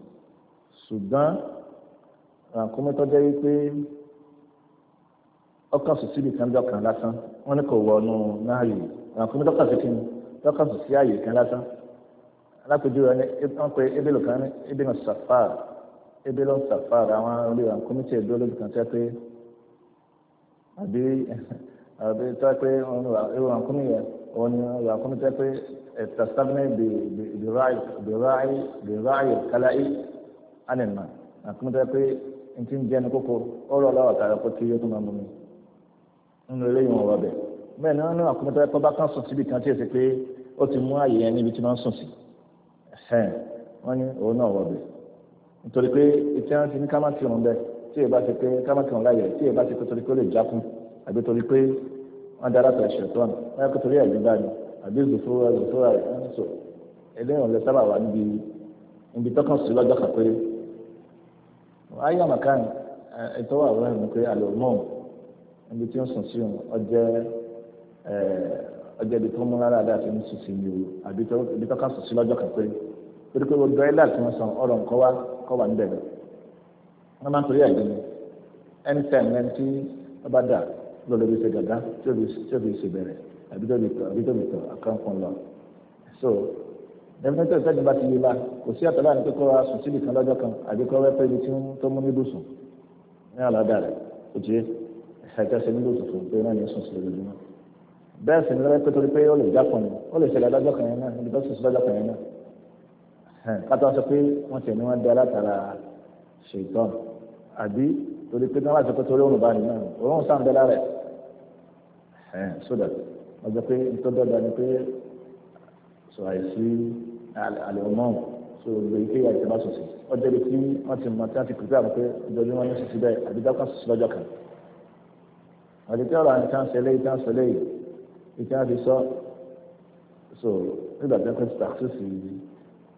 ṣùgbọ́n nǹkan mẹ́tọ́jọ́ yìí pé ọkàn sùn síbi kan dọ́kan lásán wọ́n ní kò wọnú náà yìí nǹkan mẹ́tọ́kàn sí kíni dọ́kan sùn sí ààyè kan lásán alápèjúwe wọn ni wọ́n pe ebèlò kan ebe lọ safar àwọn orí àwọn kọmíṣẹ ìdúró lóbi kan tẹ pé àbí àbí tẹ pé ewu àwọn kọmíṣẹ òun ni àwọn kọmíṣẹ tẹ pé ẹta sábẹ́ bi bi ráì bi ráì bi ráì káláì ànínmá àwọn kọmíṣẹ tẹ pé n ti ń jẹ ní kókó ọ̀rọ̀ ọlọrọ tààrà kó tí yóò tó máa mú mi nínú eléyìí wọn wọbẹ bẹ́ẹ̀ náà náà kọmíṣẹ tẹ pé bá kàn sùn síbi kan tí èsì pé ó ti mú àyè yẹn níbi tí wọn sùn sí wọn ni òun náà wọbẹ nítorí pé etí wọn ti ní ká má ti rùn bẹ́ẹ̀ tí èyí bá ti pé ká má ti rùn láyẹ̀ tí èyí bá ti pé torí pé ó lè jákun àbí torí pé wọn dára tó ẹ̀ṣẹ̀ tó ọ̀nà wọn yẹ kó torí ẹ̀gbẹ́ dání àbí ìzòfóró ìzòfóró rẹ̀ ń sọ eléyàn lè sábà wà níbi níbi tọkàn sí lọ́jọ́ kan péré ayé àmàkàn ètò wà wọ́n ní pé àlọ́ mọ́ọ̀n níbi tí ó sùn sí òun ọjẹ́ ọjẹ́ ibi tó mú lára dáa ti ń sùn sí ni àbí tọ́kàn sí lọ́jọ́ kan péré torí pé gbogbo ẹ̀dá tí wọ́n sọ ọ̀rọ̀ nǹkan wá kọ́ wà níbẹ̀ wọ́n máa ń torí àgbẹ̀ ni ẹni tẹ̀m ẹni tí wọ́n bá dà lọ́dọ̀ bí ṣe gàdá tí ó fi ṣe bẹ̀rẹ̀ àbí tó lọ. so ẹnfẹ́ntẹ́ ìṣẹ́ni bá ti yé bá kò sí àtàlà ní kíkọ́ wa sùn síbi kan lọ́jọ́ kan àbí kọ́ wẹ́pẹ́ ibi tí ń tó mú níbùsùn ní àlàdà rẹ̀ kò jẹ́ ẹ̀ṣẹ̀kẹ́sẹ̀ bẹ́ẹ̀ sì ni lọ́wọ́ pé torí pé ó lè jápọ̀ ni ó lè ṣẹlẹ̀ lọ́jọ́ kan yẹn náà ibi tó sùn sí lọ́jọ́ kan yẹn náà kátó sọ pé wọ́n ti ní wọ́n dá látara ṣètọ́n àbí torí pé náà wá sọ pé torí òun bá nínú òun sàn bẹ́ẹ̀ lára ẹ̀ sódà wọ́n sọ pé nítorí dọ́dọ̀ ni pé sọ àìsí àlẹ́ ọmọ so lórí pé àìsí bá sọ̀sì ọjọ́ ibi tí wọ́n ti mọ̀ tí wọ́n ti pèsè àmọ́ pé ìjọba wọn ní sọ̀sì bẹ́ẹ̀ àbí dákọ̀ sọ̀sì lọ́jọ́ kan àti tí ọ̀rọ̀ àwọn ìtàn ṣẹlẹ̀ ìtàn ṣẹlẹ̀ ìtàn fi sọ so nígbà tí wọ́n ti tàkìsì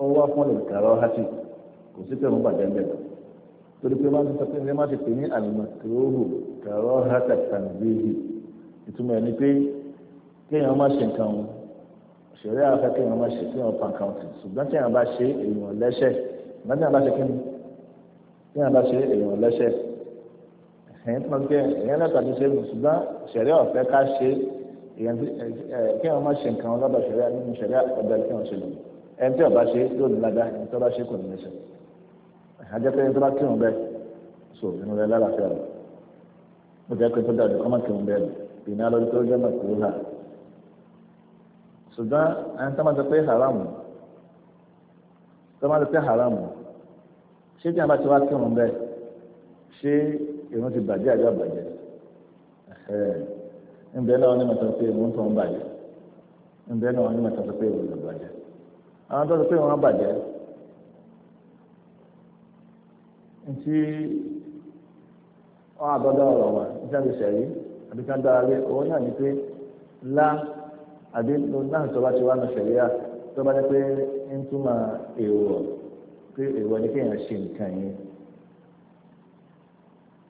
ó wá fún lè kàrọ hasi kò sí pẹ̀lú bàjẹ́ ń bẹ̀rẹ̀ torí pé máa ń sọ pé ẹ má ti pè ní àlùmọ̀kìròhù kàrọ hasa tàǹdéhì ìtumọ̀ ẹ̀ ni pé kéèyàn má ṣe nǹkan wọn ṣẹ̀rí afẹ́ kéèyàn má ṣe kéèyàn pa nǹkan tì ṣùgbọ́n kéèyàn bá ṣe èèyàn lẹ́ṣẹ̀ ṣùgbọ́n kéèyàn bá ṣe kí ni kéèyàn bá ṣe èèyàn lẹ́ṣẹ̀ ẹni tí ọba ṣe yóò ní ládá ẹni tí ọba ṣe kò ní lẹ́sẹ̀ ajẹ́pẹ́ ẹni tó bá kírun bẹ́ẹ̀ so inú rẹ lálàáfíà rẹ mo jẹ́ pé tó dáa ọdún kọ́má kírun bẹ́ẹ̀ ìní alọ́ tó jẹ́ màkúrú hà ṣùgbọ́n ẹni tó máa jẹ pé haramu tó máa jẹ pé haramu ṣé tí a bá ti wá kírun bẹ́ẹ̀ ṣé irun ti bàjẹ́ àjọ bàjẹ́ ẹ̀ẹ́ bẹ́ẹ̀ náà ní màtọ́ pé irun tó ń bàjẹ́ ń bẹ́ẹ̀ náà ní màtọ́ pé irun tó ń bàjẹ́ àwọn tó sọ pé wọ́n bàjẹ́ ntí wọ́n àtọ́dọ̀ ọ̀rọ̀ wọn nítorí sẹ́yìn àbí ká dára lé owó náà ní pé lá àbí náà tó bá ti wá ní sẹ̀ríà tó bá ní pé ń túmọ̀ èèwọ̀ pé èèwọ̀ ni kéèyàn ṣe nǹkan yẹn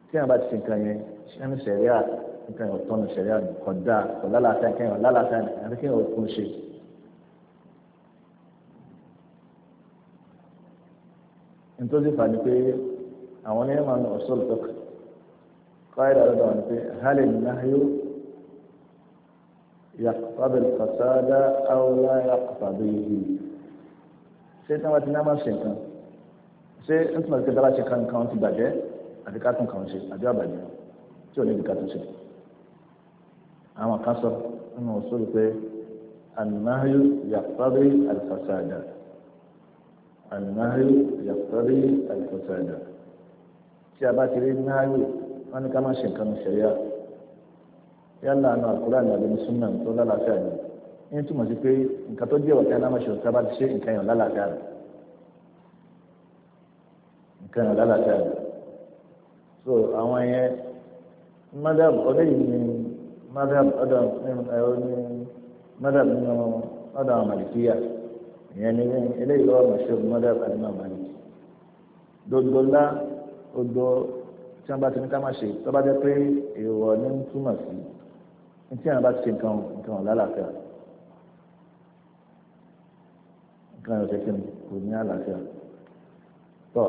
kéèyàn bá ti ṣe nǹkan yẹn ṣé ní sẹ̀ríà nǹkan yẹn ò tọ́ ní sẹ̀ríà kódà kò lálàáfíà kéèyàn lálàáfíà àbí kéèyàn ò tún ṣe. nítorí fà ní pé àwọn onímọ̀ máa ń ọ̀ṣọ́ lọ́kọ̀ قاعدة أيضا هل النهي يقتضي الفساد أو لا يقتضيه سيدنا واتنا ما شيكا ṣé n tún lọ sí dára ṣe kan kan ti bàjẹ́ àti ká tún kàn ṣe àbí àbàjẹ́ tí ò ní ibi ká tún ṣe. àwọn kan sọ nínú òṣèlú pé ànáyó yàtọ̀rí àlùfàṣàdà àlùmáhì yàtọ̀rí àlùfọ̀sẹ̀dà tí a bá ti rí náírà wọn ni ká má ṣe nǹkan ní ṣẹ̀yà yálà àna àkúrà àlàbí ní súnmọ́ tó lálàáfíà ni ní túmọ̀ sí pé nǹkan tó jẹ́ ọ̀tá alámọ̀ṣẹ́ ọ̀tá bá ti ṣe nǹkan yàn lálàáfíà rẹ̀ nǹkan so àwọn yẹn madam ọdẹ yìí ni madam ìyẹn ni eléyìí lọ́wọ́ mọ̀ṣẹ́gun mọ́lẹ́ àti náà máa ń yìí dodo ńlá odo tí wọ́n bá ti ní ká má ṣe tó bá jẹ́ pé èèwọ̀ ní ń túmọ̀ sí ní tí àwọn bá ti ṣe nǹkan nǹkan ọ̀ lálàáfíà nǹkan ọ̀ tẹ́kẹ́ kò ní àlàáfíà tọ́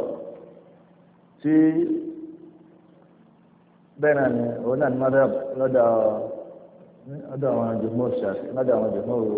tí bẹ́ẹ̀ náà ni òun náà ni mọ́tẹ́ lọ́dọ̀ àwọn jùmọ̀ ṣàṣì lọ́dọ̀ àwọn jùmọ̀ òru.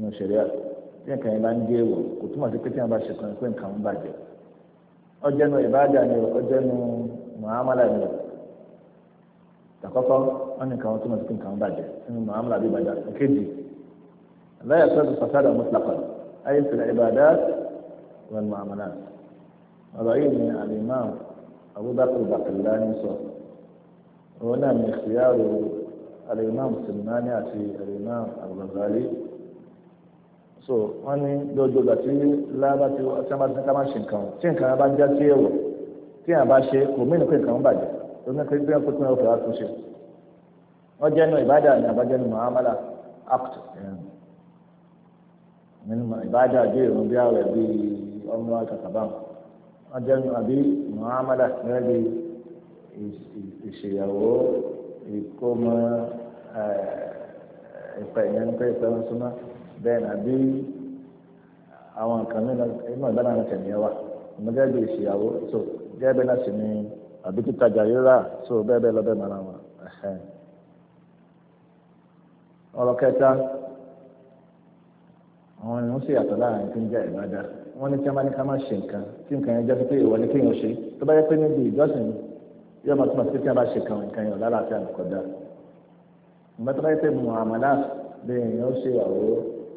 nínú ṣẹ̀ríà tí nǹkan yẹn bá ń dé èwọ̀ kò túmọ̀ sí pé tí wọ́n bá ṣe kan pé nǹkan ń bàjẹ́ ọjọ́ nu ìbáàdà ni ọjọ́ nu muhammadu ni àkọ́kọ́ wọn ní nǹkan túmọ̀ sí pé nǹkan ń bàjẹ́ nínú muhammadu àbí ìbàdà èkejì láyà sọ́dún fasádà mọ́tàkọ́ ayé fìlà ìbàdà wọn muhammadu ọ̀rọ̀ yìí ni alimam abubakar bakilani sọ òun náà ni ìṣìyàrò alimam sinimani àti alimam al-Ghazali so wọ́n ní lọ́jọ́ ìgbà tí lábá tí wọ́n bá ti ká máa ṣe nǹkan tí nǹkan bá já sí ẹ̀wọ̀ tí àbá ṣe kò mí nìkan nǹkan bàjẹ́ tó ní pé bí wọ́n pín ọ̀fẹ́ wá tún ṣe wọ́n jẹ́nu ìbádà ní àbájẹ́nu muhammadu act nínú ìbádà bí ìrùn bí àwẹ̀ bí ọmọ àkàkàbá wọ́n jẹ́nu àbí muhammadu gẹ́gẹ́ bí ìṣèyàwó ìkómọ ìpẹ̀yẹ́ ń pẹ́ ìfẹ́ wọn súnmọ́ bẹ́ẹ̀ àbí àwọn nǹkan mìíràn inú ìdáná rẹ̀ tẹ̀lé wa ọmọdé bíi ìṣìyàwó so gẹ́gẹ́ bẹ́ẹ̀ náà sì ni àbí títajà rírà so bẹ́ẹ̀ bẹ́ẹ̀ lọ bẹ́ẹ̀ mara wọn. ọ̀rọ̀ kẹta àwọn ènìyàn sì yàtọ̀ láàrin tí ń jẹ́ ìbádà wọ́n ní kí wọ́n bá ní ká má ṣe nǹkan tí nǹkan yẹn jẹ́ pé ìwọ ni kéèyàn ṣe tó bá yẹ pé níbi ìjọsìn yóò máa túmọ̀ sí kí wọ́n bá ṣe kan nǹkan yẹn lálàáfíà nìkọ̀dá ìgbà tó bá yẹ pé muhammadat bẹ́ẹ̀ ni ó ṣe ìyàwó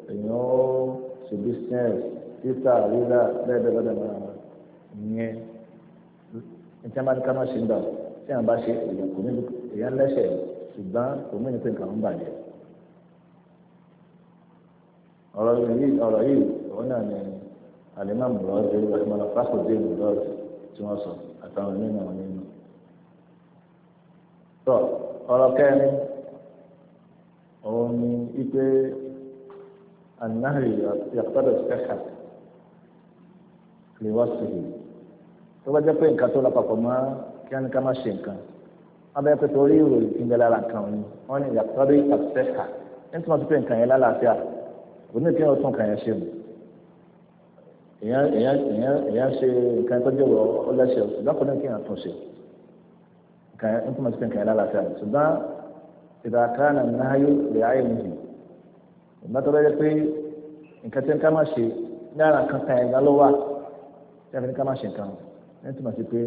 èèyàn ó ṣe business títà rírà bẹ́ẹ̀ bẹ́ẹ̀ bẹ́ẹ̀ bẹ́ẹ̀ ìyẹn níta máa ní ká má ṣe ń bà tí àwọn bá ṣe èèyàn kò ní èèyàn lẹ́sẹ̀ ṣùgbọ́n kò mí ní pé nǹkan ń bàjẹ́ ọ̀rọ̀ yìí ọ̀rọ̀ yìí òun náà ni àlẹ́mà mùrọ̀ọ́dé ìwàlúmọ̀lá fásitì mùrọ̀ọ́dé tí wọ́n sọ àtàwọn nínú àwọn tọ́ ọ̀rọ̀ kẹrin òun ni ipe النهي يقتضي الصحة لوصفه tó bá jẹ́ pé nǹkan tó lápapọ̀ mọ́ kí wọ́n ní ká má ṣe nǹkan wọ́n bẹ́ẹ̀ pé torí ìròyìn tí ń bẹ lára nǹkan òní wọ́n ní yàtọ̀rí àtẹ́ka ní tí wọ́n ti pé nǹkan yẹn lálàáfíà kò ní kí wọ́n tún nǹkan yẹn ṣe mu èèyàn ṣe nǹkan tó jẹ́ wọ́ ọ lẹ́sẹ̀ ṣùgbọ́n kò kí wọ́n tún ṣe nǹkan yẹn ní tí wọ́n ti pé nǹkan yẹn lálàáfíà ṣùgbọ́n ìdàkánà ìmọ̀tọ́lá yẹ pé nǹkan tí nǹkan máa ṣe lára kan ta ẹ̀dá ló wà tí a fi ní ká máa ṣe nǹkan ẹ̀ ń túmọ̀ sí pé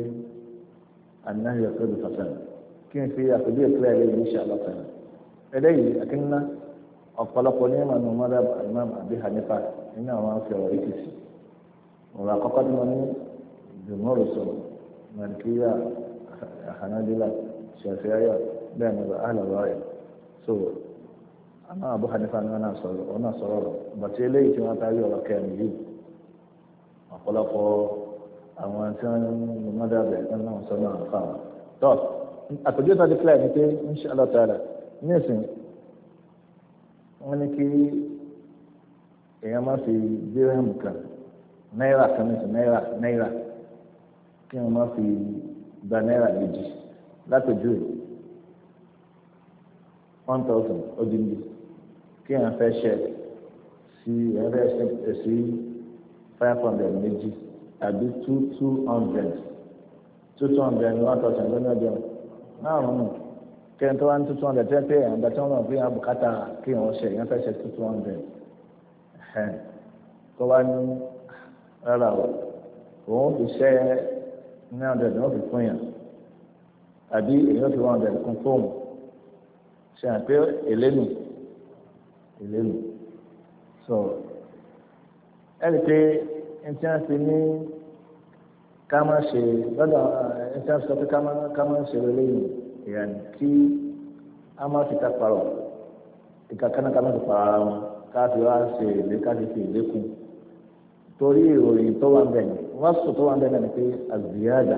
ànínáyọ̀ yẹ pé ló fà sẹ́yìn kí n fi àpèjì ìpínlẹ̀ ilé yìí ṣe àlọ́sẹ̀yìn eléyìí akínná ọ̀pọ̀lọpọ̀ ní ìmọ̀ mọ́dà imam abi hanifa nínú àwọn afi ọ̀rọ̀ yìí ọ̀rọ̀ àkọ́kọ́ tí wọ́n ní jùmọ̀rò ọ̀rọ̀ àmọ́ ah, àbú hanifa ni wọ́n náà sọ̀rọ̀ wọ́n náà sọ̀rọ̀ rọ̀ bàtí eléyìí tí wọ́n parí ọ̀rọ̀ kẹrin yìí ọ̀pọ̀lọpọ̀ àwọn tí wọ́n ń mọ́dà bẹ̀rẹ̀ náà sọ náà fà tọ́ ni pé ní ìsìn kí èèyàn má fi kan náírà kan ní ìsìn náírà náírà kí má fi gba náírà méjì látòjú one thousand ó kí ẹ̀ ń fẹ́ ṣẹ̀ sí ẹ̀rẹ́ ṣẹ̀ sí five hundred méjì tàbí two two hundred two two hundred ní one thousand lọ́nà ọjọ́ márùn-ún kí ẹ̀ ń tó wá ní two two hundred tẹ́ pé àgbà tí wọ́n mọ̀ pé àbùkátà kí wọ́n ṣẹ̀ ẹ̀ ń fẹ́ ṣẹ̀ two two hundred kó wá ní rárá o òun fi ṣẹ́ nine hundred ní wọ́n fi fún yàn àbí èyí ó fi one hundred kún fóònù ṣe hàn èlé nù eléyìí so ẹni pé ẹni tí wọ́n ti ní ká má ṣe lọ́dọ̀ ẹni tí wọ́n sọ pé ká má ká má ṣe eléyìí ìyàn kí a má fi ká parọ̀ ìka kánà ká má fi parọ̀ ara wọn ká fi wá ṣe èlé ká fi fi èlé kù torí ìròyìn tó wà ń bẹ̀ ni wọ́n sọ tó wà ń bẹ̀ náà ni pé àzìyáàdà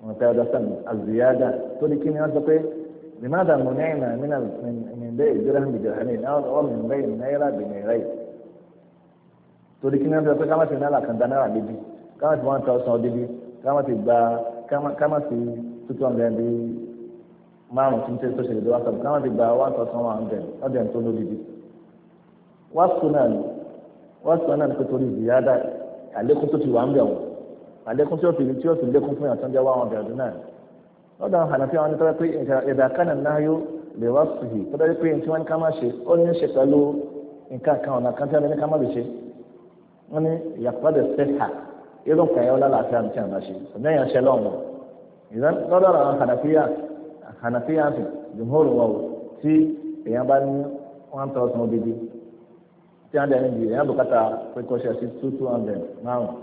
wọ́n fẹ́ ọjọ́ sẹ́mi àzìyáàdà tó ní kí ni wọ́n sọ pé. لماذا منعنا من من من بيع الدرهم بدرهمين او من بيع النيره بنيرين torí kí náà pé ká má ti náírà kan da náírà débi ká má ti one thousand débi ká má ti gba ká má ti two hundred di márùn tí n tẹ́ tó ṣẹlẹ̀ lọ́wọ́ sábà ká má ti gba one thousand one hundred ọ̀dẹ̀ tó ló débi. wá sọ náà ni wá sọ náà ni pé torí ìyáda àlékún tó ti wà ń lọ́dọ̀ àwọn àlàfíà wọn ní tọ́jú pé ìdàkánà náà yóò lè wá sùhì tó dájú pé tí wọ́n ní ká má ṣe ó ní ṣe pẹ̀lú nǹkan na ọ̀nà kan tí wọ́n ní ká má lè ṣe wọ́n ní ìyàpọ̀dẹ̀ sẹ́hà irú kan yẹn ó lálàáfíà ní tí wọ́n bá ṣe ọ̀nà yẹn ṣe lọ́wọ́ lọ́dọ̀ àwọn àlàfíà àlàfíà sì jùmọ̀rù wọn o tí èèyàn bá ní one thousand odidi tí wọ́n dẹ̀ níbi èèyàn bùkátà pé kó ṣe sí two two hundred márùn-ún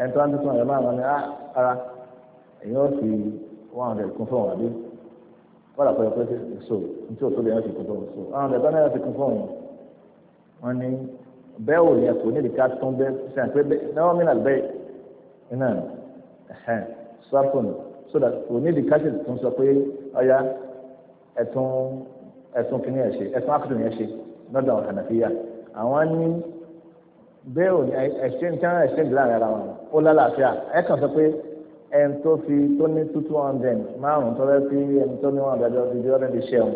ẹni tó wá ní two ah, ara èèyàn ó one hundred kún fún wọn àbí wọ́n làpọ̀ ẹ̀kọ́ ṣe so ní tí òtóbi yẹn ti kún fún wọn so one hundred bá náírà ti kún fún wọn wọn ní bẹ́ẹ̀ ò yẹ kò níbi ká tún bẹ́ẹ̀ sẹ́yìn pé náà mí nà bẹ́ẹ̀ iná ẹ̀hẹ́n sáfùn so that kò níbi ká sì tún sọ pé ọ̀ya ẹ̀tún ẹ̀tún kìíní ẹ̀ ṣe ẹ̀tún akọ̀tún yẹn ṣe lọ́dọ̀ àwọn kànáfíyà àwọn ní bẹ́ẹ̀ ò ní ẹ̀ṣẹ̀ ń tẹ́ràn ẹ̀ṣẹ̀ ń ẹni tó fi tó ní two two hundred márùn tó fẹ́ fi ẹni tó ní one hundred ọdún ọdún ti ṣe òun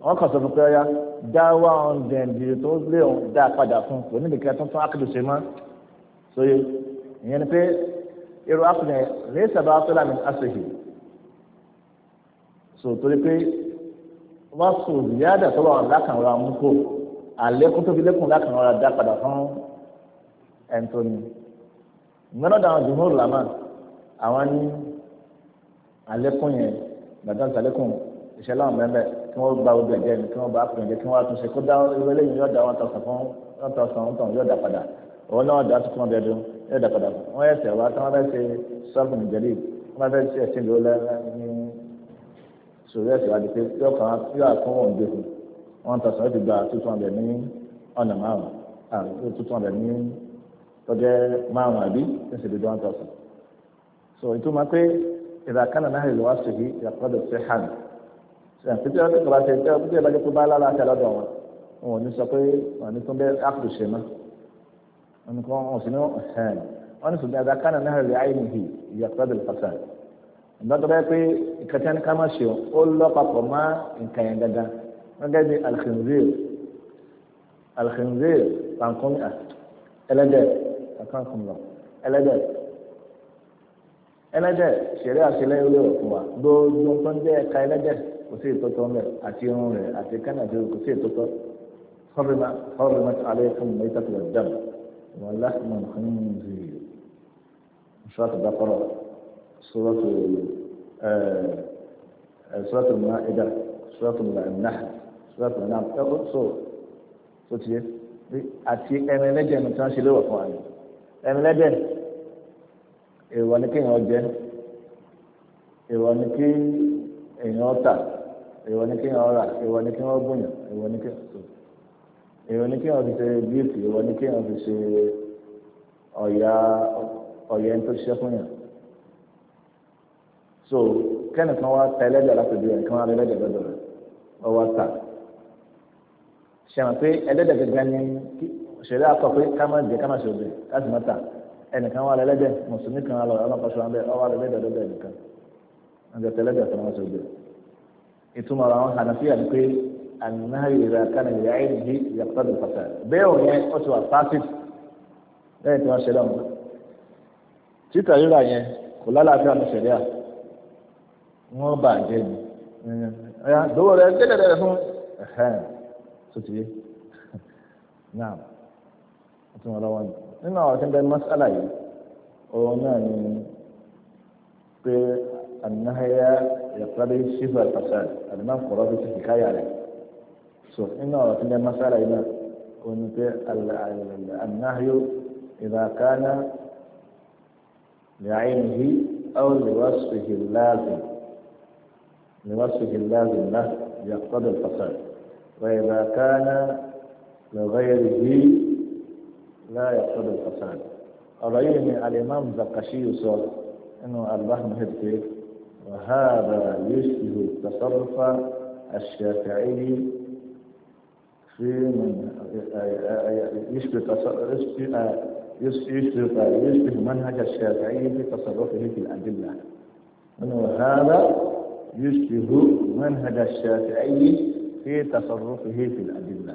wọn kàn sọ fún pé ọyá dá one hundred bìrì tó lé òun dá padà fún òní nìkan tó tún ákìlù ṣe mọ́ sóye ìyẹn ni pé irú ákìlù yẹn lè sábà fẹ́lá mi àṣehì so torí pé wọ́n sùn ìyáàdà tó wà lákànrọ̀ àmúkò àlékún tó fi lékún lákànrọ̀ dá padà fún ẹni tó ní. ìgbọ́n náà dáhùn jùmọ̀ làmáà àwọn ní alẹ́kùn yẹn gbàgbọ́n ti alẹ́kùn iṣẹ́ láwọn mẹ́mẹ́ kí wọ́n gba ojú ẹ̀jẹ̀ mi kí wọ́n bá fún ẹ̀jẹ̀ kí wọ́n àtúnṣe kó dá irú eléyìí yóò dá wọn tọ̀ sàn fún wọn tọ̀ sàn tọ̀ yóò dá padà òun náà dá tuntun ọbẹ̀ dùn yóò dá padà wọ́n yẹ sẹ̀ wá tí wọ́n fẹ́ ṣe sọ́ọ̀bù nìjẹ́lì wọ́n fẹ́ ṣe ẹ̀sìn ló lẹ́ ní sòrí ẹ̀sìn wájú pé yóò kàn yóò àkún wọn gbé fún wọn tọ̀ sàn ó ti gba tuntun ọbẹ̀ ní ọ̀nà márùn-ún tuntun so ìtumọ̀ pé ìdàkánà náà lè wá sí yìí ìyàpọ̀dọ̀ sí hàn ṣe àpèjọ tó kọ̀ bá ṣe tẹ́ ọ̀pẹ́jọ ìbájẹ́ tó bá lára àti àlọ́dọ̀ wọn wọn ò ní sọ pé wọn ní tó bẹ́ ápù ṣe mọ́ wọn ní kọ́ wọn sì ní ẹ̀hẹ́n wọn ní sọ pé ìdàkánà náà lè ayé nìyí ìyàpọ̀dọ̀ fàṣà ìdọ́tọ̀ bẹ́ẹ̀ pé ìkàtí ní ká ṣe ó lọ papọ̀ má nǹkan yẹn gẹ́gẹ́ bí alkhinzir alkhinzir ẹlẹ́dẹ̀ ṣẹ̀rí àṣẹlẹ̀ ilé ọ̀fun wa gbogbo tó ń jẹ́ ẹ̀ka ẹlẹ́dẹ̀ kò sí ìtọ́tọ́ mẹ́ àti irun rẹ̀ àti kánàdé kò sí ìtọ́tọ́ họ́rìmá họ́rìmá alẹ́ fún mi mẹ́ta tó lọ dàm wọn lásìmọ̀ nǹkan ń zi ṣọ́ọ̀tù dákọ̀rọ̀ ṣọ́ọ̀tù ṣọ́ọ̀tù mọ́ ẹ̀dá ṣọ́ọ̀tù mọ́ ẹ̀ná ṣọ́ọ̀tù náà ẹ̀kọ́ tó tó tiẹ̀ àti ẹ̀mẹ́lẹ́dẹ̀ nìkan ṣe lé fún wa ẹ̀mẹ́lẹ́dẹ̀ èèwọ̀ ni kéèyàn jẹ èèwọ̀ ni kí èèyàn tà èèwọ̀ ni kéèyàn rà èèwọ̀ ni kéèyàn bùnyàn èèwọ̀ ni kéèyàn tó èèwọ̀ ni kéèyàn fi ṣe bíìtì èèwọ̀ ni kéèyàn fi ṣe ọ̀yà ọ̀yà ẹni tó ṣiṣẹ́ fún yàn so kẹ́ni kan wá ta ẹlẹ́dẹ̀ látòjú ẹ̀ kan wá rẹ ẹlẹ́dẹ̀ lọ́dọ̀ rẹ̀ wọ́n wá tà ṣe hàn pé ẹlẹ́dẹ̀ gẹ́gẹ́ ni ṣẹlẹ́ àkọ́ pé ká má jẹ ká má ṣe òbí láti má tà. ẹnìkan wà lẹ́lẹ́dẹ̀ mùsùlùmí kan lọ ọlọ́pàá ṣọlá bẹ́ẹ̀ ọwọ́ lẹ́lẹ́dẹ̀ lọ́dọ̀ ẹnìkan ẹnìkan lẹ́dẹ̀ kan wọ́n ṣe gbé ìtumọ̀ àwọn hànàfíà ni pé ànáyè rẹ̀ kánà ìyá ẹ̀ ní ìyàpọ̀tàdé pàtà bẹ́ẹ̀ ò yẹn ó ti wà tí títà rírà yẹn kò lálàáfíà ní bà ni *laughs* nínú àwọn tí ń mọ́sálà yìí òun náà ni pé ànáhẹ́yà ìyàpẹ́rẹ́ ṣífà pàṣẹ àdìmọ́ kọ̀rọ̀ bí ti káyà rẹ̀ so nínú àwọn tí ń mọ́sálà yìí náà òun ni pé ànáhẹ́yà ìdàkánná لعينه أو لوصفه اللازم لوصفه اللازم له يقتضي الفساد وإذا كان لغيره لا يقصد الفساد أبين yìí الإمام alimam zakashiyu أنه أرباح albahmu وهذا يشبه تصرف الشافعي في من يشبه يشبه يشبه منهج الشافعي في تصرفه في الأدلة إنه هذا يشبه منهج الشافعي في تصرفه في الأدلة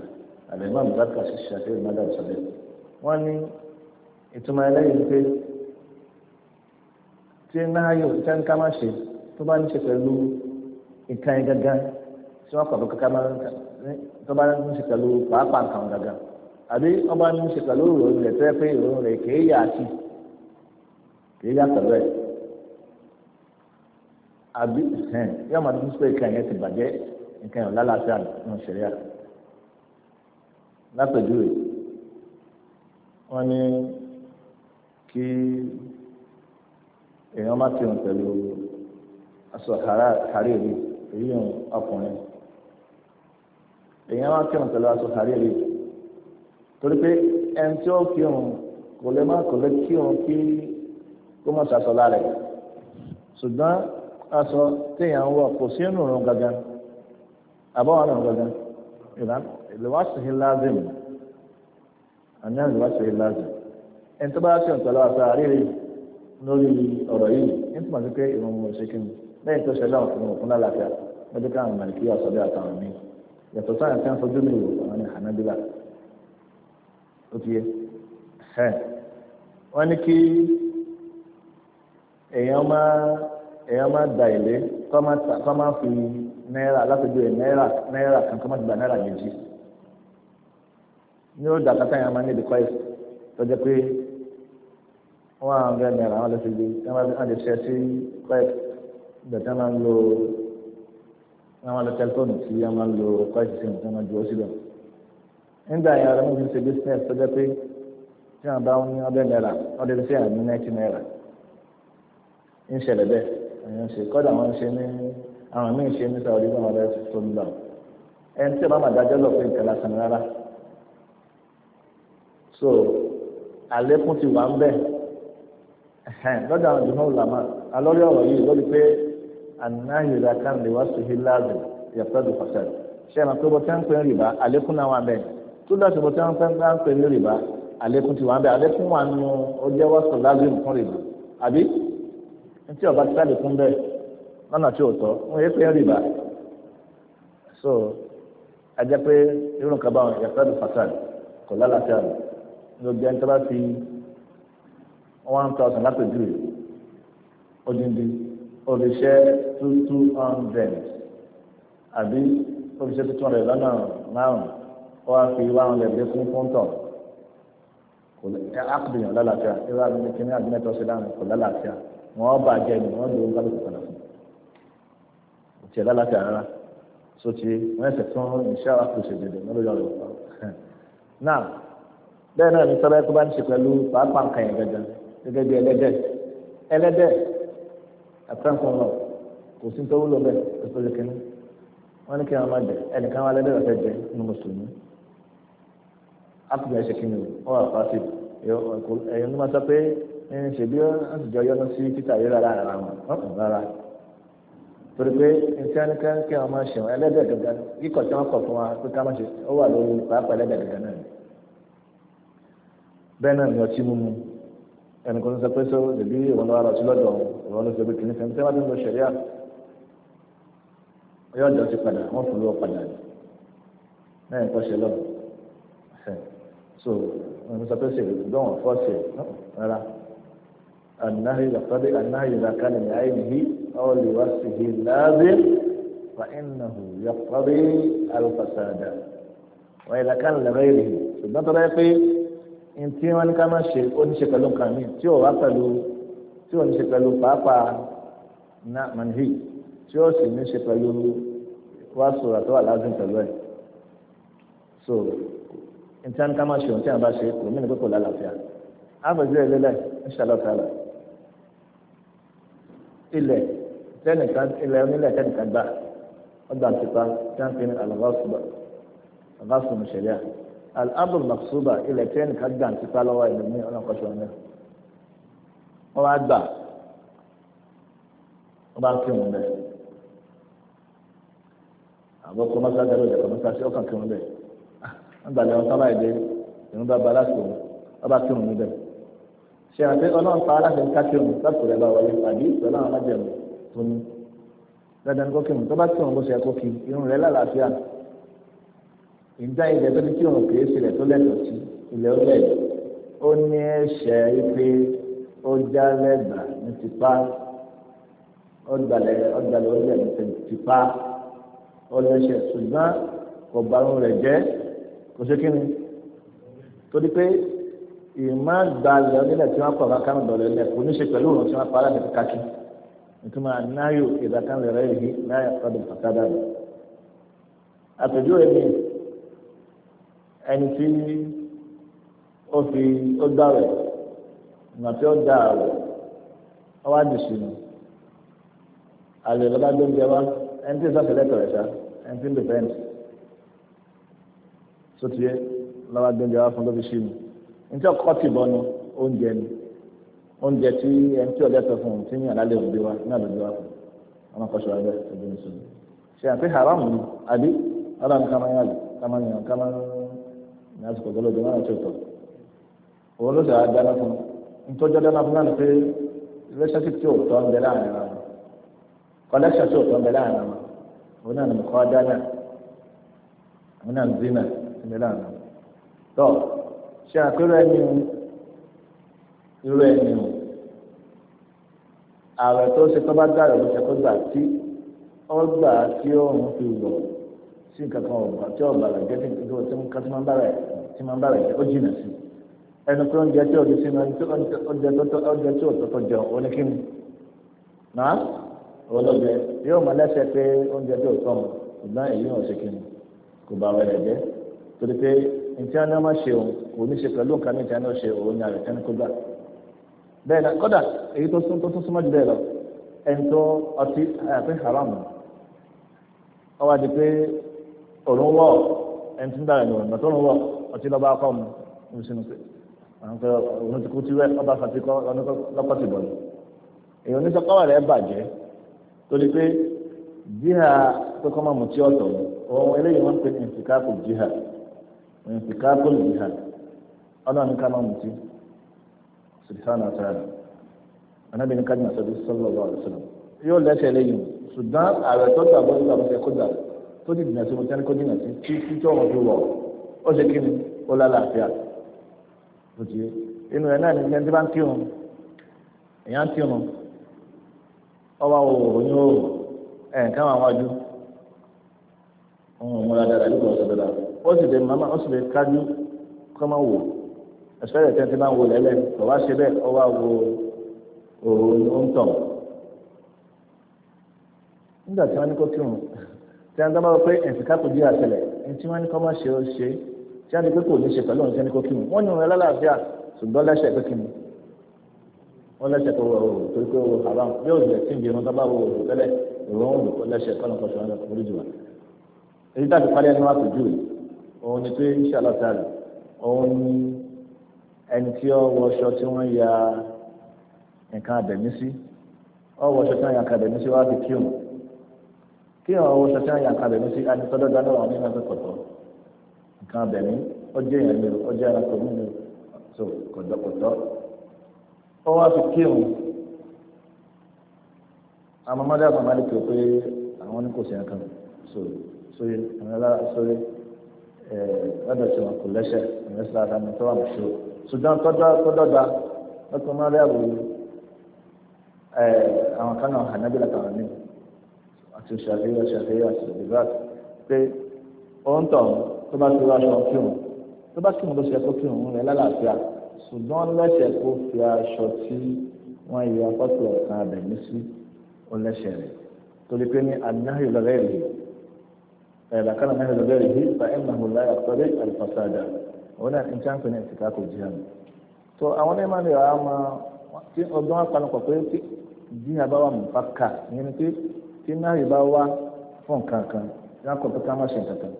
الإمام ذكر الشافعي ماذا صدق wọ́n ní ìtumọ̀ ẹlẹ́yìn pé tí náàyò tí ẹnì ká má ṣe tó bá ní ṣe pẹ̀lú ìkan gangan tí wọ́n pàbó kankan máa ń kà tó bá ní ṣe pẹ̀lú pàápàá nǹkan gangan àbí wọ́n bá ní ṣe pẹ̀lú ìròyìn rẹ̀ tẹ́ pé ìròyìn rẹ̀ kìí yà á sí kìí yà pẹ̀lú ẹ̀ àbí yóò máa dúró pé ìkan yẹn ti bàjẹ́ ìkan yẹn ò lálàáfíà ní ìṣẹ̀lẹ̀ wọ́n ní kí èèyàn má kírun pẹ̀lú aṣọ àárẹ̀rí èyí ń ọkùnrin èèyàn má kírun pẹ̀lú aṣọ àárẹ̀rí torí pé ẹni tí ó kírun kò lè má kò lè kírun kí kó má ṣàṣọ lára ẹ̀ ṣùgbọ́n aṣọ téèyàn ń wọ̀ kò sí nínú òun gangan àbọ̀wọ̀n òun gangan ìlú wàásù hìlá dèmí àmì àrùn wá ṣe láti ẹni tó bá ṣe ọ̀tọ̀ lọ́wọ́ àti àríre lórí ọ̀rọ̀ yìí ní túmọ̀ sí pé ìwọ̀n mo ṣe kí ni lẹ́yìn tó ṣẹlẹ̀ àwọn fún òkun lálàáfíà lọ́jọ́ káwọn màlìkí ọ̀sọ́dẹ̀ àtàwọn míì yàtọ̀ sáyẹn tí wọ́n fojú mi wò àwọn ní hanabila ó ti yẹ ẹ̀ wọ́n ní kí èèyàn máa èèyàn máa da ìlé kọ́ máa fi náírà látọ̀jú ẹ̀ náírà náírà kan kọ́ máa ti gba náírà méjì ní ó dàgbà táyà máa ń níbi kọ́ ẹ̀sì tó jẹ́ pé wọ́n á gbé ẹ̀mẹ̀rẹ̀ àwọn lọ́sẹ̀ bí wọ́n lè ṣe sí kọ́ ẹ̀sì ìgbà tí wọ́n máa ń lo àwọn lọ tẹlifóònù tí wọ́n máa ń lo kọ́ ẹ̀sì sí nǹkan máa ju ó síbẹ̀. nígbà yẹn ọ̀rọ̀ mi ṣe business tó jẹ́ pé tí wọ́n bá ń ní ọdẹ náírà ọdẹ sí àmì náírà náírà ń ṣẹlẹ̀ bẹ́ẹ̀ àwọn ṣe kọ́dà wọn ṣe ní àwọn míì ṣe ní Saudi náà ọdẹ so àlékún ti wà ń bẹ lọ́dọ̀ àwọn jùmọ̀ òlàmà alọ́rí ọ̀rọ̀ yìí lórí pé ànáyè ra kan lè wá sùhí láàbù yàtọ̀ dùn pàṣẹ ṣé ẹ̀rọ pé bọ́tẹ́ ń pè ń rìbá àlékún náà wà ń bẹ tó dàtí bọ́tẹ́ ń pè ń pè ń rìbá àlékún ti wà ń bẹ àlékún wà nù ó jẹ́ wá sọ láàbù nǹkan rìbá àbí ntí ọba ti sáà lè fún bẹ́ẹ̀ lọ́nà tí ò tọ́ wọ́n yẹ pé ń rìbá so ajẹ́ pé irun kaba yàtọ̀ dùn pàṣẹ kò lálàáfíà rẹ̀ ní ọjà ń tọ́ba fi one thousand lápèjúwe odindi òrìṣẹ́ two two hundred àbí òrìṣẹ́ two hundred lọ́nà márùn-ún wọ́n á fi one hundred lé fún fúntọ̀ kò lè ákùdìyàn lálàáfíà irú àgbẹ̀ kìíní àgbẹ̀tọ̀ ṣe dáhùn kò lálàáfíà wọ́n bà jẹ́ ni wọ́n lòó gbàlùkù padà fún un tiẹ̀ lálàáfíà rárá so ti wọ́n ẹ̀sẹ̀ tún iṣẹ́ àkùṣe dèdè lọ́lọ́yọ̀ rẹ̀ pa *laughs* náà bẹ́ẹ̀ náà ní sọ́dọ̀ tó bá ń ṣe pẹ̀lú pàápàá nǹkan yẹn gẹ́gẹ́ gẹ́gẹ́ bí ẹlẹ́dẹ̀ ẹlẹ́dẹ̀ àtẹ̀kùn lọ kò sí tó wúlò bẹ́ẹ̀ tó tó lè kíní wọ́n ní kí wọ́n má jẹ ẹnìkan wọn ẹlẹ́dẹ̀ lọ́fẹ́ jẹ ní mùsùlùmí ápùgà ṣe kíni ó wà pàṣẹ ẹ̀yọ́ ní ma sọ pé ń ṣe bí wọ́n ti jọ yọnu sí títà yìí rárá rárá wọn rárá torí pé tí wọ́n kọ̀ fún wa pé ká má ṣe ó wà lórí pàápàá ẹlẹ́dẹ̀ gẹ́gẹ́ náà bẹ́ẹ̀ náà ni ọtí mímu ẹnì kan sọ pé sọ ẹbí ìwọ̀n lọ́wọ́ ọtí lọ́dọ̀ ìwọ̀n ló sọ pé kìnnì kan tẹ́wọ́n ti ń lọ sẹ̀ríà ọyọ́ ọjọ́ ti padà wọ́n fún lọ padà náà ẹ̀kọ́ ṣe lọ so ẹnì kan sọ pé sẹ̀rí dọ́wọ̀n fọ́ọ̀sì rárá النهي يقتضي النهي إذا كان لعينه أو لوصفه لازم فإنه يقتضي الفساد وإذا كان لغيره ثم ترى ntí wọn ní ká má ṣe ó ní ṣe pẹ̀lú nǹkan mi tí ò wá pẹ̀lú tí ò ní ṣe pẹ̀lú pàápàá na manhi tí ó sì ní ṣe pẹ̀lú wá sọ̀rọ̀ àtọwà lázìm pẹ̀lú ẹ̀ so ntí wọn ní ká má ṣe ohun tí wọn bá ṣe kò mí ní kókò lálàáfíà àbẹ̀jẹ́ ìlélẹ̀ inshallah ta'ala ilẹ̀ tẹnìkan ilẹ̀ onílẹ̀ tẹnìkan gbà ọgbà tipa tí wọn fi ní àlọ́ al-abdul maksuba ilẹ̀ tí ẹnì kan gbà ń tipa lọ́wọ́ ìlú ní ọ̀nà kọ́sọ̀ náà wọ́n wá gbà wọ́n bá ń kí wọn bẹ́ẹ̀ àbọ̀kọ́ mọ́sáájú àlọ́ ìjọba mọ́sáájú ọkàn kí wọn bẹ́ẹ̀ wọ́n gbàlẹ̀ wọn sábà ìdè ìrún bá ba aláṣọ wọ́n bá kí wọn níbẹ̀ ṣe àti ọlọ́run pa aláṣẹ ń ká wọn láti rẹ̀ bá wọlé àbí ìṣọ̀lá àwọn májẹ̀mú tó ní ìdá ilẹ̀ tó ní kí òun kìí sílẹ̀ tó lẹ́tọ̀ọ́ sí ilẹ̀ ó lẹ̀ ó ní ẹ̀ṣẹ̀ ife ó já lẹ́gbà ní tipa ọ̀dàlẹ̀ ọ̀dàlẹ̀ ó lẹ̀ ní tipa ọlẹ́ṣẹ̀ ṣùgbọ́n kò bàrún rẹ̀ jẹ́ kò ṣe kí ni torí pé ìmọ̀ gbalẹ̀ onílẹ̀ tí wọ́n kọ̀ bá kánú dọ̀lẹ̀ lẹ̀ kò ní ṣe pẹ̀lú òun tí wọ́n pa aláṣẹ kákí ìtumọ̀ náyò ìdákanlẹ̀ rẹ̀ yìí náyà kọ́dọ̀ pàtàdà rẹ̀ àpèjúwe mi ẹni tí ó fi ó dá rẹ̀ ìgbà tí ó dá rẹ̀ ó wá dì sínú àlè lọ́ba gbé oúnjẹ wá ẹni tí ìsọ̀tẹ̀lẹ̀ tọ̀rẹ̀ sá ẹni tí ń dìfẹ́ǹd sótìyẹ lọ́ba gbé oúnjẹ wá fún lóbi sínú ní tí ọkọ̀ tì bọ́nu oúnjẹ ni oúnjẹ tí ẹni tí ọ̀lẹ́tọ̀ fún un tí ní àlálẹ̀ òbí wa ní àlọ́ ọmọ kọsọ abẹ ẹgbẹ nsọ ṣe àti haram ni àbí Ọlọ́run kama yàn kama ní àsìkò tó lójú náà ṣètò owó ló sì á dáná fún ntọ́jọ́ dáná fún náà ni pé relationship tí ò tọ́ ń bẹ láàrin wọn collection tí ò tọ́ ń bẹ láàrin wọn òun náà ni mọ̀kọ́ dáná òun náà ni zina ń bẹ láàrin wọn tọ́ ṣe àpérò ẹni irú ẹni o ààrẹ tó ṣe tó bá gbà ló ṣe kó gbà tí ó gbà tí ó ń fi wọ̀ sí nǹkan kan ọ̀gbà tí ọ̀gbà rẹ̀ jẹ́ tí nǹkan tí máa ń bá rẹ̀ tí máa ń bá rẹ̀ jẹ́ ó jìnà sí ẹnu pé oúnjẹ tí ọdún sínú oúnjẹ tí òtọ́tọ́ jẹun ó ní kí ni náà ọlọ́jẹ yóò mọ lẹ́sẹ̀ pé oúnjẹ tí òtọ́ ṣùgbọ́n èyí ò ṣe kí ni kò bá rẹ̀ jẹ́ torí pé ntí wọn máa ṣe òun kò ní ṣe pẹ̀lú nǹkan mìíràn ní ṣe òun ní àrẹ̀ tẹ́ni kó gbà bẹ́ẹ̀ náà kọ́dà èyí tó tún súnmọ́ jù bẹ́ẹ̀ lọ ẹni tó ọtí àyàfi haram wọ́n wá di pé òrùn wọ̀ ẹni tí ń dàrẹ̀ lọ́wọ́ ìgbà tó ń ọtí lọ́ba akọ́ mu ní sinú àwọn pé òun ti kú tí wẹ́ ọba fàtí kọ́ lọ́kọ́ ti bọ̀ èèyàn ní sọ́kọ́wà rẹ̀ bàjẹ́ torí pé jíhà tó kọ́ máa mú tí ọ̀tọ̀ ohun eléyìí wọ́n ń pè jíhà ìsìkáàpù jíhà ní ká máa mú tí tó ti dìnnà sí mo tẹ́lẹ̀ kó dìnnà sí tí títí ọ̀rọ̀ fi wọ̀ ó ṣe kí ni ó lálàáfíà ó ti yé inú ẹ̀ náà ní ẹni tí bá ń kírun èèyàn ń kírun ọba òwò ní òwò ẹ̀ ń káwọn àwájú ọmọ ọmọlá dára yóò lọ sọdọdà ó sì lè máma ó sì lè kájú kọ́ máa wò ẹ̀sọ́rẹ́ tẹ́ ti máa wò lẹ́lẹ́ bàbá ṣe bẹ́ẹ̀ ọba wo òwò ní ó ń tọ̀ nígbà tí wọ́n ní kó kírun tí a ń dábàá pé ẹ̀sìn káàtó bí àtẹlẹ̀ ẹni tí wọ́n ní kọ́ máa ṣe ó ṣe tí a ní pé kò ní ṣe pẹ̀lú òun tí a ní kó kí mu wọ́n ní òun lálàáfíà ṣùgbọ́n lẹ́sẹ̀ pé kí mu wọ́n lẹ́sẹ̀ tó wọ̀ òòrùn torí pé òòrùn haram bí òòrùn rẹ̀ tí ń bìrún dábàá wọ òòrùn tẹ́lẹ̀ òòrùn òòrùn kọ́ lẹ́sẹ̀ kọ́nà kọ́ṣọ́ ọ̀rẹ́ tá ya nǹkan abẹ̀mí sí ó ya nǹkan abẹ̀mí sí kí ọ̀rọ̀ owó ṣẹṣẹ àyà kan bẹ̀mí sí ẹni tọ́jọ́ dáná wà nínú ẹgbẹ́ kọ̀tọ́ nǹkan bẹ̀mí ó jẹ́ èèyàn mi ó jẹ́ ẹranko mi mi so kọ̀tọ́kọ̀tọ́ ó wá fi kírun amamadu amamadu kò pé àwọn ní kò sí ẹ̀kan so sórí ẹ̀rọ sórí ẹ̀ẹ́dọ̀ tí wọn kò lẹ́sẹ̀ ẹ̀rẹ́sẹ̀ àdáni tó wà mọ̀ṣọ́ ṣùgbọ́n tọ́dọ̀dà lọ́kùnrin máa rí àwòrán àwọn kan náà hànábìlà kàwọn níbi àti ṣàlẹ́yà ṣàlẹ́yà ṣàlẹ́yà pé òun tọ̀ tó bá ti wá aṣọ kírun tó bá kírun ló ṣe kó kírun ń rẹ lálàáfíà ṣùgbọ́n lẹ́sẹ̀ kó fi aṣọ tí wọ́n yẹ akọ́tù ọ̀kan abẹ̀mí sí ó lẹ́sẹ̀ rẹ̀ torí pé ní anáhìí lọ́rẹ́ rèé ẹ̀rọ kan náà lọ bẹ́ẹ̀ yìí fa ẹ̀ máa wòlá àtọ́lé àlùfàṣàdà òun náà ń jáǹpẹ̀ ní ìsìká kò jí àmì. tó àwọn ní ìmọ̀ ni pé tí náà yìí bá wá fún nǹkan kan yàtọ̀ pé ká má ṣe nǹkan kan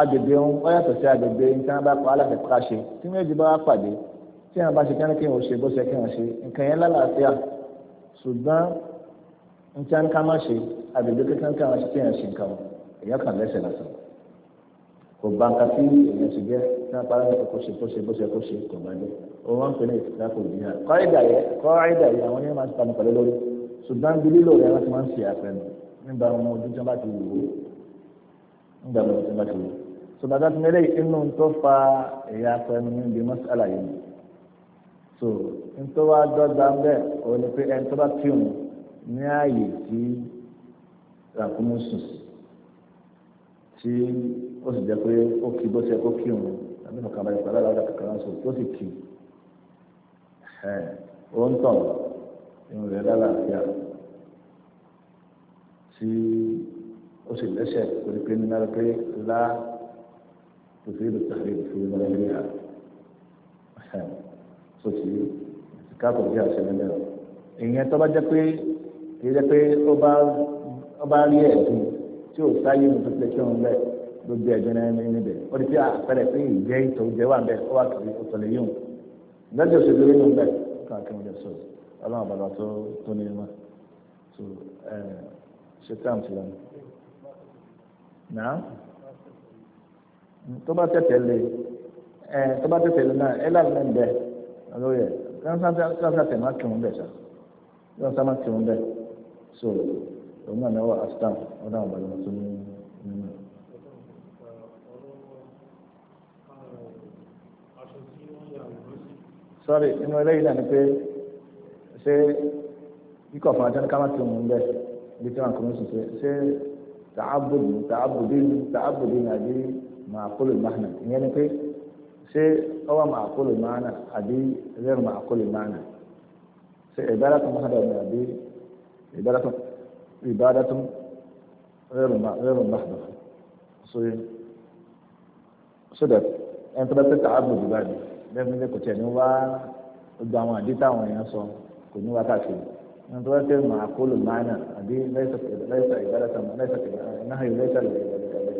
agbègbè ń wọ́n yàtọ̀ sí agbègbè ń tí wọ́n bá pa aláṣẹ ká ṣe tí méjì bá wá pàdé tí wọ́n bá ṣe kí wọ́n kí wọ́n ṣe bó ṣe kí wọ́n ṣe nǹkan yẹn lálàáfíà ṣùgbọ́n ń tí wọ́n ká má ṣe agbègbè kí wọ́n kí wọ́n ṣe kí wọ́n ṣe nǹkan wọn èèyàn lẹ́sẹ̀ lásán kò bá nǹkan tí èèyàn ti jẹ́ tí wọ́n parí kó ṣe kó ṣe bó ṣe kó ṣe kò bá jẹ́ òun wọ́n ń pè ní ìtìlápò ìdíyà kọ́ ṣùgbọ́n ibi lílo rẹ̀ wọ́n ti máa ń ṣe àfẹnù nígbà wọn ọdún tí wọ́n bá ti wò ó nígbà wọn ọdún tí wọ́n bá ti wò ó ṣùgbọ́n àti àtúndẹ́lẹ̀ inú tó fa ẹ̀yà àfẹnù níbi mọ́sálà yìí so ntọ́ wa dọ́gba bẹ́ẹ̀ òun ni pé ẹni tó bá kí òun ní ààyè tí ràkúnmí sùn sí tí ó sì jẹ́ pé ó kí bó ṣe kó kí òun tàbí nǹkan bá yẹ pẹ̀lú aláwọ̀ inú rẹ̀ lálàáfíà tí ó sì lẹ́sẹ̀ torí pé nínú pé lá tòfin ìlú tàbí ìfún ìlú ẹgbẹ́ rẹ̀ sọ̀tì káàkó bí àṣẹ lẹ́lẹ́ o ìyẹn tó bá jẹ́ pé kì í jẹ́ pé ó bá rí ẹ̀dùn tí ò sáyé mi tó tẹ̀sí òun bẹ́ẹ̀ ló gbé ẹjọ́ náà ní níbẹ̀ ó di pé àpẹẹrẹ pé ìjẹ́ ìtọ̀ ìjẹ́ wà bẹ́ẹ̀ ó wà kiri ó tọ̀lé yóò lọ́jọ́ òṣèlú nínú bẹ́ẹ̀ káàkiri ọjọ́ sọ̀rọ̀ ọlọ́run bàbá tó tó ní mọ́ so ṣe táwọn ti lọ́nà. Nàá tó bá tẹ̀tẹ̀ lé tó bá tẹ̀tẹ̀ lé náà ẹ láti lẹ́nu bẹ́ẹ̀ olórí ẹ̀ káńsá tẹ̀ máa kírun bẹ́ẹ̀ sá káńsá máa kírun bẹ́ẹ̀ so òun náà náwó asitam ọlọ́run bàbá tó ní mọ́. Sorry, inú ẹlẹ́yìn náà ni pé ṣé kíkọ̀ fún ajá ní kámá tó ń bẹ bí tí wọn kò ní sùn ṣe ṣé tààbùdì tààbùdì tààbùdì àbí màkúlù máàna ìyẹn ni pé ṣé ọwọ́ màkúlù máàna àbí rẹ́rù màkúlù máàna ṣé ìbára tó máa dọ̀nà àbí ìbára tó ìbára tó rẹ́rù máàna ṣe so that ẹni tó bá pẹ́ tààbùdì báyìí lẹ́nu ni, kò tiẹ̀ ní wá gbogbo àwọn àdìtà àwọn èèyàn sọ. كن واقع شيء من طبعا تسمع كل معنى دي ليس ليس عبارة ليس إنها ليس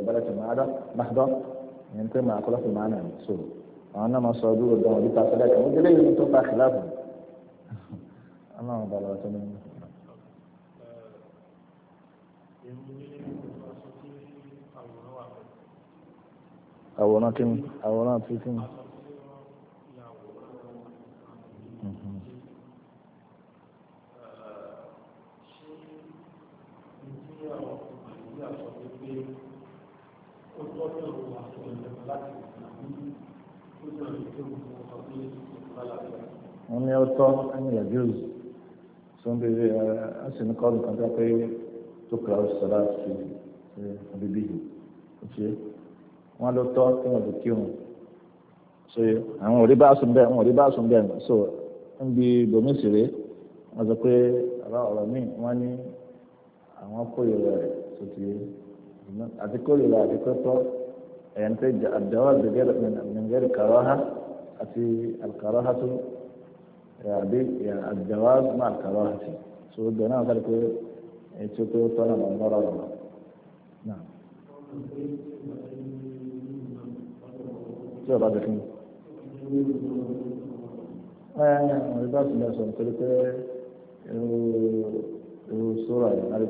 عبارة معنى محض يعني تسمع كل في معنى مقصود وأنا ما صادور ده ودي تأثيرها كم جلي من طبعا خلافه الله بالله تمام أولاكم أولاكم tí a sọ pé pé ó tọ́jú ọ̀rọ̀ àti ìjọba láti ìgbàgbé tó jọ ìjọ ìjọba sọ pé ìjọba láti wọ́n ní ọtọ́ ẹni yàgíùs sọ́ndé ẹ ẹ sì ní kọ́ọ̀dù kan tó pé tó kà ó sọ̀rọ̀ àti àbíbí yìí ó ṣe wọ́n lọ tọ́ kí wọ́n fi kírun ṣe àwọn òrí bá sùn bẹ́ẹ̀ àwọn òrí bá sùn bẹ́ẹ̀ so ń bi bòmísìrè wọ́n sọ pé ọ̀rọ̀ míì wọ́n ní àwọn kórè rẹ̀ tó ti àti kórìíra àti kọ́tọ́ ẹ̀yàn tẹ́ àdáwà gbẹ̀gẹ́rẹ́ kàrọ́há àti àkàrọ́há tó àbí àdáwà má àkàrọ́há sí so gbẹ̀ náà sáré pé ètò tó tọ́nà lọ mọ́ra lọ. tí ọba bẹ̀ fún mi. ẹ ẹ mo rí bá sùn lọ sọ nítorí pé irú irú sóra yìí a rí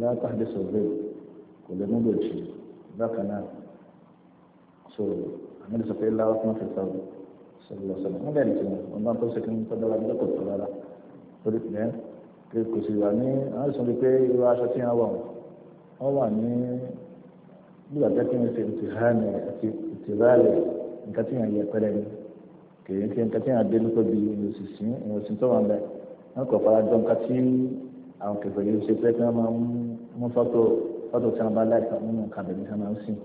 látàdé sọ̀rọ̀ kò lè mú bèjì bákan náà so àwọn ìsọ pé láwọn fún ọ̀fẹ́ sáwọn sọ̀rọ̀ sọ̀rọ̀ wọn bẹ́ẹ̀ nìkan wọn bá ń tó sẹ́kìn tọ́dára bí lọ́kọ̀ tọ́lára torí pé pé kò sì wà ní àwọn ìsọ pé irú aṣọ tí wọn wà wọn wà ní bí wàá jẹ́ kí wọ́n ṣe ìtìhánì àti ìtìhálẹ̀ nǹkan tí wọ́n yẹ pẹ́rẹ́ ni kì í ṣe nǹkan tí wọ́n adé nípa bí ìlú sísìn ìlú tó wà ń bẹ́ẹ̀ wọn kò fara jọ nǹkan tí àwọn kẹfẹ́ yìí ṣe pé kí wọ́n máa ń mú fọ́tò fọ́tò tí wọ́n bá láìsàn nínú nǹkan bẹ̀rẹ̀ tí wọ́n máa ń sìn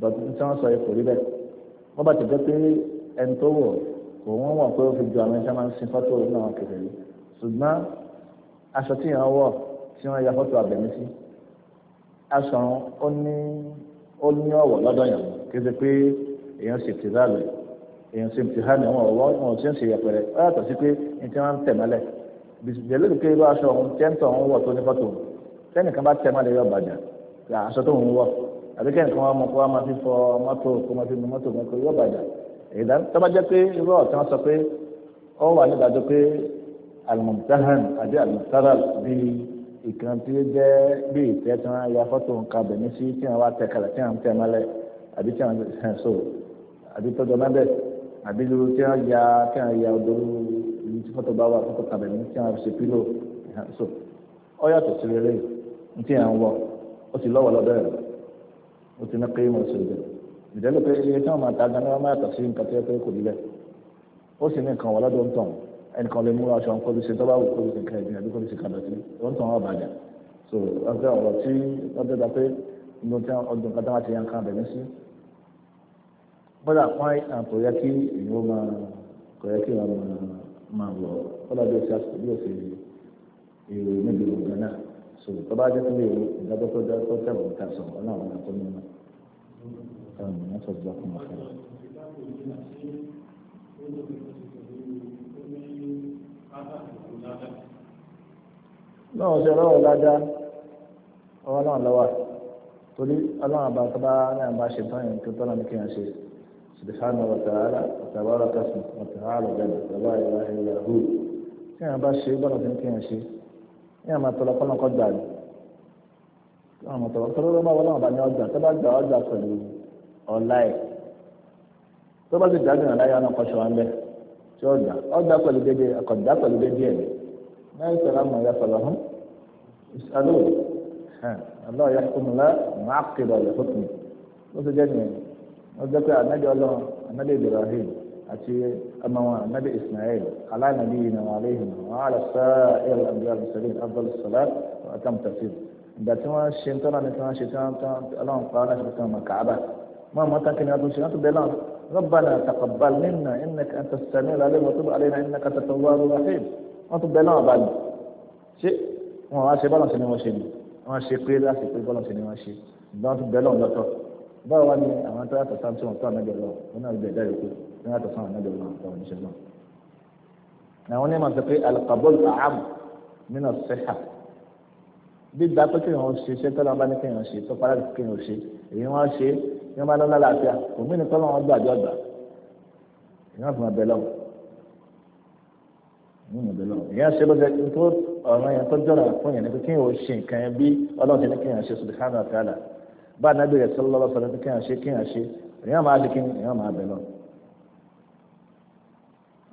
bọ́tú tí wọ́n sọ yìí kò rí bẹ́ẹ̀ wọ́n bá ti jẹ́ pé ẹni tó wọ̀ kò wọ́n wọ̀ pé ó fi ju àwọn ẹni tí wọ́n máa ń sìn fọ́tò nínú àwọn kẹfẹ́ yìí ṣùgbọ́n aṣọ tí wọ́n wọ̀ tí wọ́n ya fọ́tò abẹ̀mí sí aṣọ ó ní ó ní ọ̀wọ̀ lọ́dọ̀ yàn kéde pé èèyàn ṣe tìzáàlù èèyàn ṣe tìhánì àwọn ọ̀wọ́ wọn ò ṣe ń ṣe yẹpẹrẹ ó yàtọ̀ sí pé ní tí wọ́n ń tẹ̀ mọ́lẹ̀ bẹ̀lẹ́ mi kéré aṣọ òun tẹ́ńtọ̀ òun wọ̀ tó ní fọ́tò tẹ́nìkan bá tẹ́ mọ́lẹ̀ yọ bàjá aṣọ tó ń wọ̀ àbí kẹ́nìkan wọn mọ kó wọn máa fi fọ mọ́tò kó máa fi nu mọ́tò mọ́tò yọ bàjá ìdá tó bá jẹ́ pé irú ọ̀tí wọn sọ pé ó wà nígbàdó pé alimọ̀tàhán àbí alimọ̀tàrà bíi ìkan tí ó jẹ́ bí ìtẹ́ tí wọ́n ya fọ́tò nǹkan bẹ̀ ní sí tí wọ́n wá tẹ ibi tí fọ́tò bá wà fọ́tò kàbẹ̀ ní tí wọ́n ṣe pílò so ọ yàtọ̀ sí rere ní tí wọ́n wọ ó ti lọ́wọ́ lọ́dọ̀ ẹ̀ ó ti ní pé mo ṣe ìbẹ̀rẹ̀ ìdẹ́lẹ̀ pé iye tí wọ́n máa ta gan ni wọ́n máa yàtọ̀ sí nǹkan tó yẹ pé kò níbẹ̀ ó sì ní nǹkan wọ̀ lọ́dọ̀ ń tàn ẹnìkan lè múra aṣọ nǹkan ṣe tọ́ba òkú ṣe nǹkan kò ṣe kàbẹ̀ sí ó so ọjọ́ ọ̀rọ̀ tí ọjọ́ da pé ọdún kan tó wá ti yan kan bẹ̀rẹ̀ sí bọ́dà pọ́n àpò yẹ máa kò yẹ kí èèyàn máa máa wọ̀ ọ́lá bí ọ̀sẹ̀ àsìkò bí ọ̀sẹ̀ èrò níbi òògùn náà so tó bá jẹ́ pé ìdájọ́ tó dá tó tẹ̀wọ̀ níta sọ ọ̀nà àwọn àtọ́ ní ọ̀nà ọ̀nà ìyá tó dá fún wa. náà ṣe ọlọ́run ládá ọwọ́ náà lọ́wọ́ torí ọlọ́run àbá tó bá náà bá ṣe tán yẹn tó tọ́lá ní kéèyàn ṣe subhanahu wa ta'ala wa tabaraka ismuhu wa ta'ala jalla wa la ilaha illa hu tí yàn bá ṣe bọ́lá tí ń kéèyàn ṣe yàn máa tọrọ kọ́nà kọ́ gbà ní yàn máa tọrọ tọrọ ló bá wọlé wọn bá ní ọjà tó bá gbà ọjà pẹ̀lú ọ̀la ẹ̀ tó bá ti dájú náà láyé ọ̀nà kọ́ṣọ́ wọn bẹ́ tí ọjà ọjà pẹ̀lú dédé ọkọ̀jà pẹ̀lú dédé ẹ̀ náà ìṣẹ̀lẹ̀ àmọ̀ ìyá sọ̀rọ̀ hàn ìṣàlù Allah yahkumu la mu'aqqiba wọ́n jẹ́ pé anabi ọlọ́run anabi ibrahim àti ọmọ wọn anabi ismail aláìnàbí ìnà wọn aléhìn wọn àlọ́ sáà ẹ̀rọ àbúrò àbùsọ̀lẹ̀ abdul salat àtàm tafsir ìgbà tí wọ́n ṣe ń tọ́nà ní tí wọ́n ṣe tí tán ọlọ́run pa ọlọ́run ṣe tán ọmọ kàába wọn mọ tán kìnìún àtúnṣe wọn tún bẹ lọ́n ربنا تقبل منا انك انت السميع العليم وتب علينا انك انت التواب الرحيم wọn tún bẹ lọ́n àbáyé ṣé wọn wá ṣe bọ́lọ̀ sí ni wọ́n ṣe ni wọ́n ṣe pé báwo wá ní àwọn tó yàtọ̀ sáà tí wọ́n tó ànájọ lọ wọn náà gbẹ̀dá yòókù wọn yàtọ̀ sáà ànájọ lọ àwọn oníṣẹ́ náà. àwọn onímọ̀ sọ pé alqabul a'am min as-sihha gbígbà pé kéèyàn ó ṣe iṣẹ́ tọ́lá bá ní kéèyàn ṣe tó pará kéèyàn ó ṣe èyí wọ́n ṣe ní wọ́n bá lọ́lá làáfíà kò mí ní tọ́lá wọn gbà gbà èyàn fún abẹ lọ́wọ́ nínú ṣe lọ́sẹ̀ bá nàbí rẹ̀ sallallahu alaihi wasallam kéèyàn ṣe kéèyàn ṣe èèyàn máa dikin èèyàn máa bẹ̀ lọ.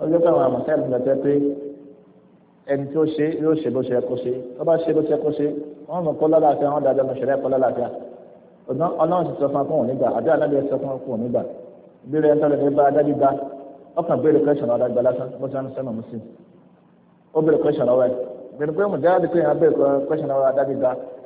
ọjọ́ pé àwọn àmọ̀tá ìlú nàtẹ́ pé ẹni tí ó ṣe yóò ṣe bó ṣe kó ṣe tó bá ṣe bó ṣe kó ṣe wọ́n mọ̀ kó lálàáfíà wọ́n dájọ́ mọ̀ ṣẹlẹ̀ kó lálàáfíà ọlọ́run ti sọ fún akóhùn nígbà àbí ànábì sọ fún akóhùn nígbà bí rẹ̀ ń tọ́lẹ̀ ní bá adájú gbá ọkàn béèrè kẹ́sàn ọ̀dà gbà lásán bó ṣe ń sẹ́nu mùsùlùmí ó béèrè kẹ́sàn ọ̀wẹ́ gbẹ̀rù pé mo á béèrè kẹ́sàn ọ̀dà gbà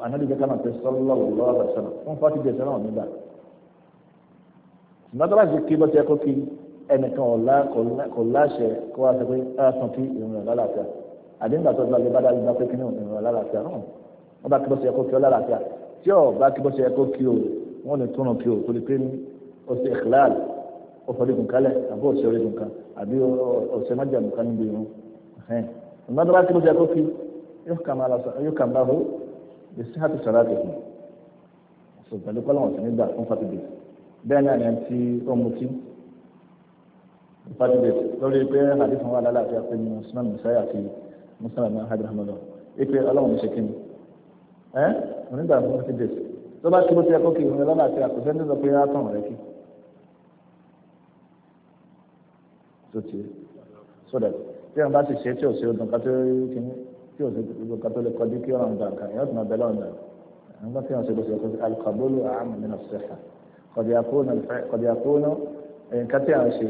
ànábì jẹ́ kámà pé sallallahu alaihi wasallam fún fati jẹ́ sẹ́wọ̀n nígbà ṣùgbọ́n tó bá ṣe kí bọ́ ti ẹkọ́ kí ẹnìkan kò láṣẹ kó wá sọ pé ẹ sàn kí ìrìn lálàáfíà àdéhùn àti ọ̀dọ́ àlebádá ló bá pé kí ní ìrìn lálàáfíà náà wọ́n bá kí bọ́ ti ẹkọ́ kí ọ lálàáfíà tí ọ̀ bá kí bọ́ ti ẹkọ́ kí o wọ́n lè túnú kí o torí pé ní o ṣe ìkìláàl o fọ́ orígun kalẹ̀ àbí o ṣe orígun kan àbí o ṣe májàmú kan níbi irun ṣùgbọ́n tó bá kí bọ́ ti ẹkọ́ kí yóò kà máa lọ sọ yóò kà lè sí àti sọ̀rọ̀ àti ìhùn sọ pẹ̀lú kọ́lọ́wọ̀n sí nígbà fún fàtìdé bẹ́ẹ̀ náà ni ẹni tí ó mutí fàtìdé lórí pé àdé fún wa lálàáfíà pé ní usman musaya àti muslim náà hajj ahmed ipe ọlọ́wọ̀n ní ṣèkínní ẹ́ onígbà fún fàtìdé tó bá kí bó ti yẹ kó kí ìhun lálàáfíà kò sẹ́ni sọ pé á tàn rẹ̀ kí. tó ti sódà tí wọn bá ti ṣe tí ò sí ọdún kátó kínní tí o sì gbogbo nǹkan tó lè kọjú kí ọ̀rọ̀ nǹkan kan yóò tún ọbẹ̀ lọ́wọ́ náà nígbà tí wọ́n ṣe gbèsè kó alikabolo àmì nínú sèha kọ̀dí àkóónú nǹkan kátí a ń ṣe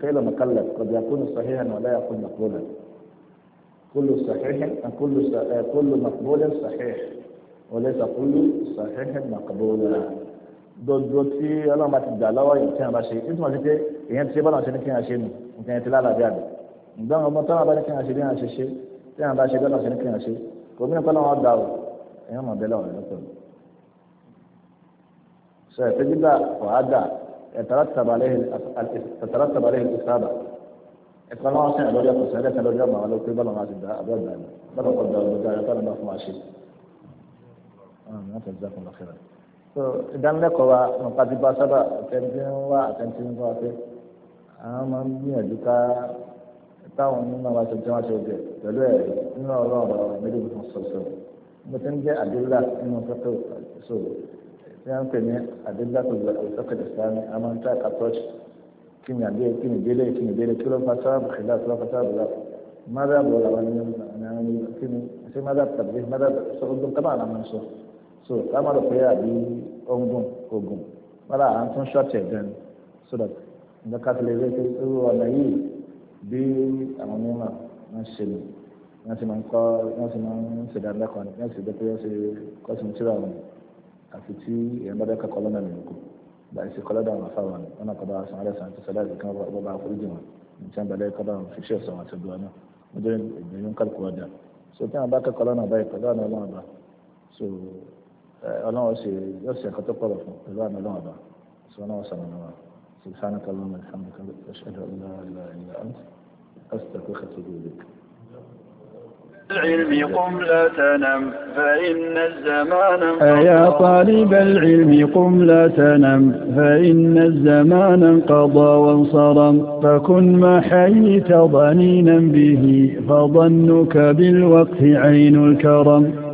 fẹ́lẹ̀ mọ̀kálẹ̀ kọ̀dí àkóónú sàhíhà náà láyà kó mọ̀kúlẹ̀ kúlù sàhíhà kúlù mọ̀kúlẹ̀ sàhíhà وليس كل صحيح مقبول dodo tí ọlọ́run bá ti gbà lọ́wọ́ yìí tí wọ́n bá ṣe é túmọ̀ sí pé èèyàn ti da ní kí wọ́n ṣe nù nǹkan yẹn ti lálàbí àbẹ̀ ǹgbọ́n ọmọ tọ́lá bá ní kí wọ́n ṣe bí wọ́n ṣe ṣe tí àwọn bá ṣe bẹ́ẹ̀ lọ́sẹ̀ ní kéèyàn ṣe kò mí nìkan lọ́wọ́ gbà ó èèyàn mọ̀ bẹ́ẹ̀ lọ́wọ́ lọ́pọ̀ sọ ẹ̀ tẹ́gbẹ́gbà wàhádà ẹ̀tàràtàbà lẹ́yìn ìsáàbà ẹ̀kan lọ́wọ́ sẹ́yìn lórí ọkọ̀ sẹ́yìn lẹ́sẹ̀ lórí ọmọ àwọn olókùn bọ́lọ̀ máa ti dá àbẹ́ ọ̀gbà ni bọ́lọ̀ kọ́ da olùdá ẹ̀tọ́ ni wọ́n fún wa ṣe. so ìdánilẹ́kọ̀ọ́ wa nípa ti bá sábà àtẹ̀ntì ń wá àtẹ̀ntì ń wá pé àwọn máa ń gbìyànjú táwọn onímọ̀ wa ṣe jẹ́ wá ṣe jẹ pẹ̀lú ẹ̀ nínú ọ̀rọ̀ ọ̀rọ̀ méjì fún sọ̀sọ̀ mo ti ń jẹ́ àdúrà nínú sọ́tò so tí wọ́n ń pè ní àdúrà tó gba ìsọ́kè ìsìlámì amọ́ntà àpọ́ọ̀ṣì kí ni àdé kí ni délé kí ni délé kí ló fa sábà bùkìlá kí ló fa sábà bùkìlá mọ́dà bọ̀ làwọn ní àwọn ní kí ni ṣé mọ́dà tàbí mọ́dà sọ́gbọ́n kábà náà máa so káwọn rò pé àbí ọ̀ngùn ògùn mọ́dà à ń tún ṣọ́ọ̀tì ẹ̀ gan so that nǹkan bí àwọn na wọ́n ṣe lè wọ́n sì máa ń kọ́ wọ́n sì máa ń ṣèdánilẹ́kọ̀ọ́ ni wọ́n sì jẹ́ pé wọ́n ṣe kọ́ sínú tíra wọn àfi tí èèyàn bá dẹ́ka kọ́ lọ́nà nìyókù bá ìṣe kọ́ náà a àti sọ́dọ̀ àdìkan bọ́ bá a foríjì wọn nìkan fi ṣe ọ̀sán àti ọdún náà wọ́n jẹ́ ìgbìyànjú kálukú ọjà so so ṣe fún ọba so سبحانك اللهم وبحمدك أشهد أن لا إله إلا أنت أستغفرك وأتوب إليك العلم قم لا تنم فإن الزمان يا طالب العلم قم لا تنم فإن الزمان انقضى وانصرم فكن ما حييت ظنينا به فظنك بالوقت عين الكرم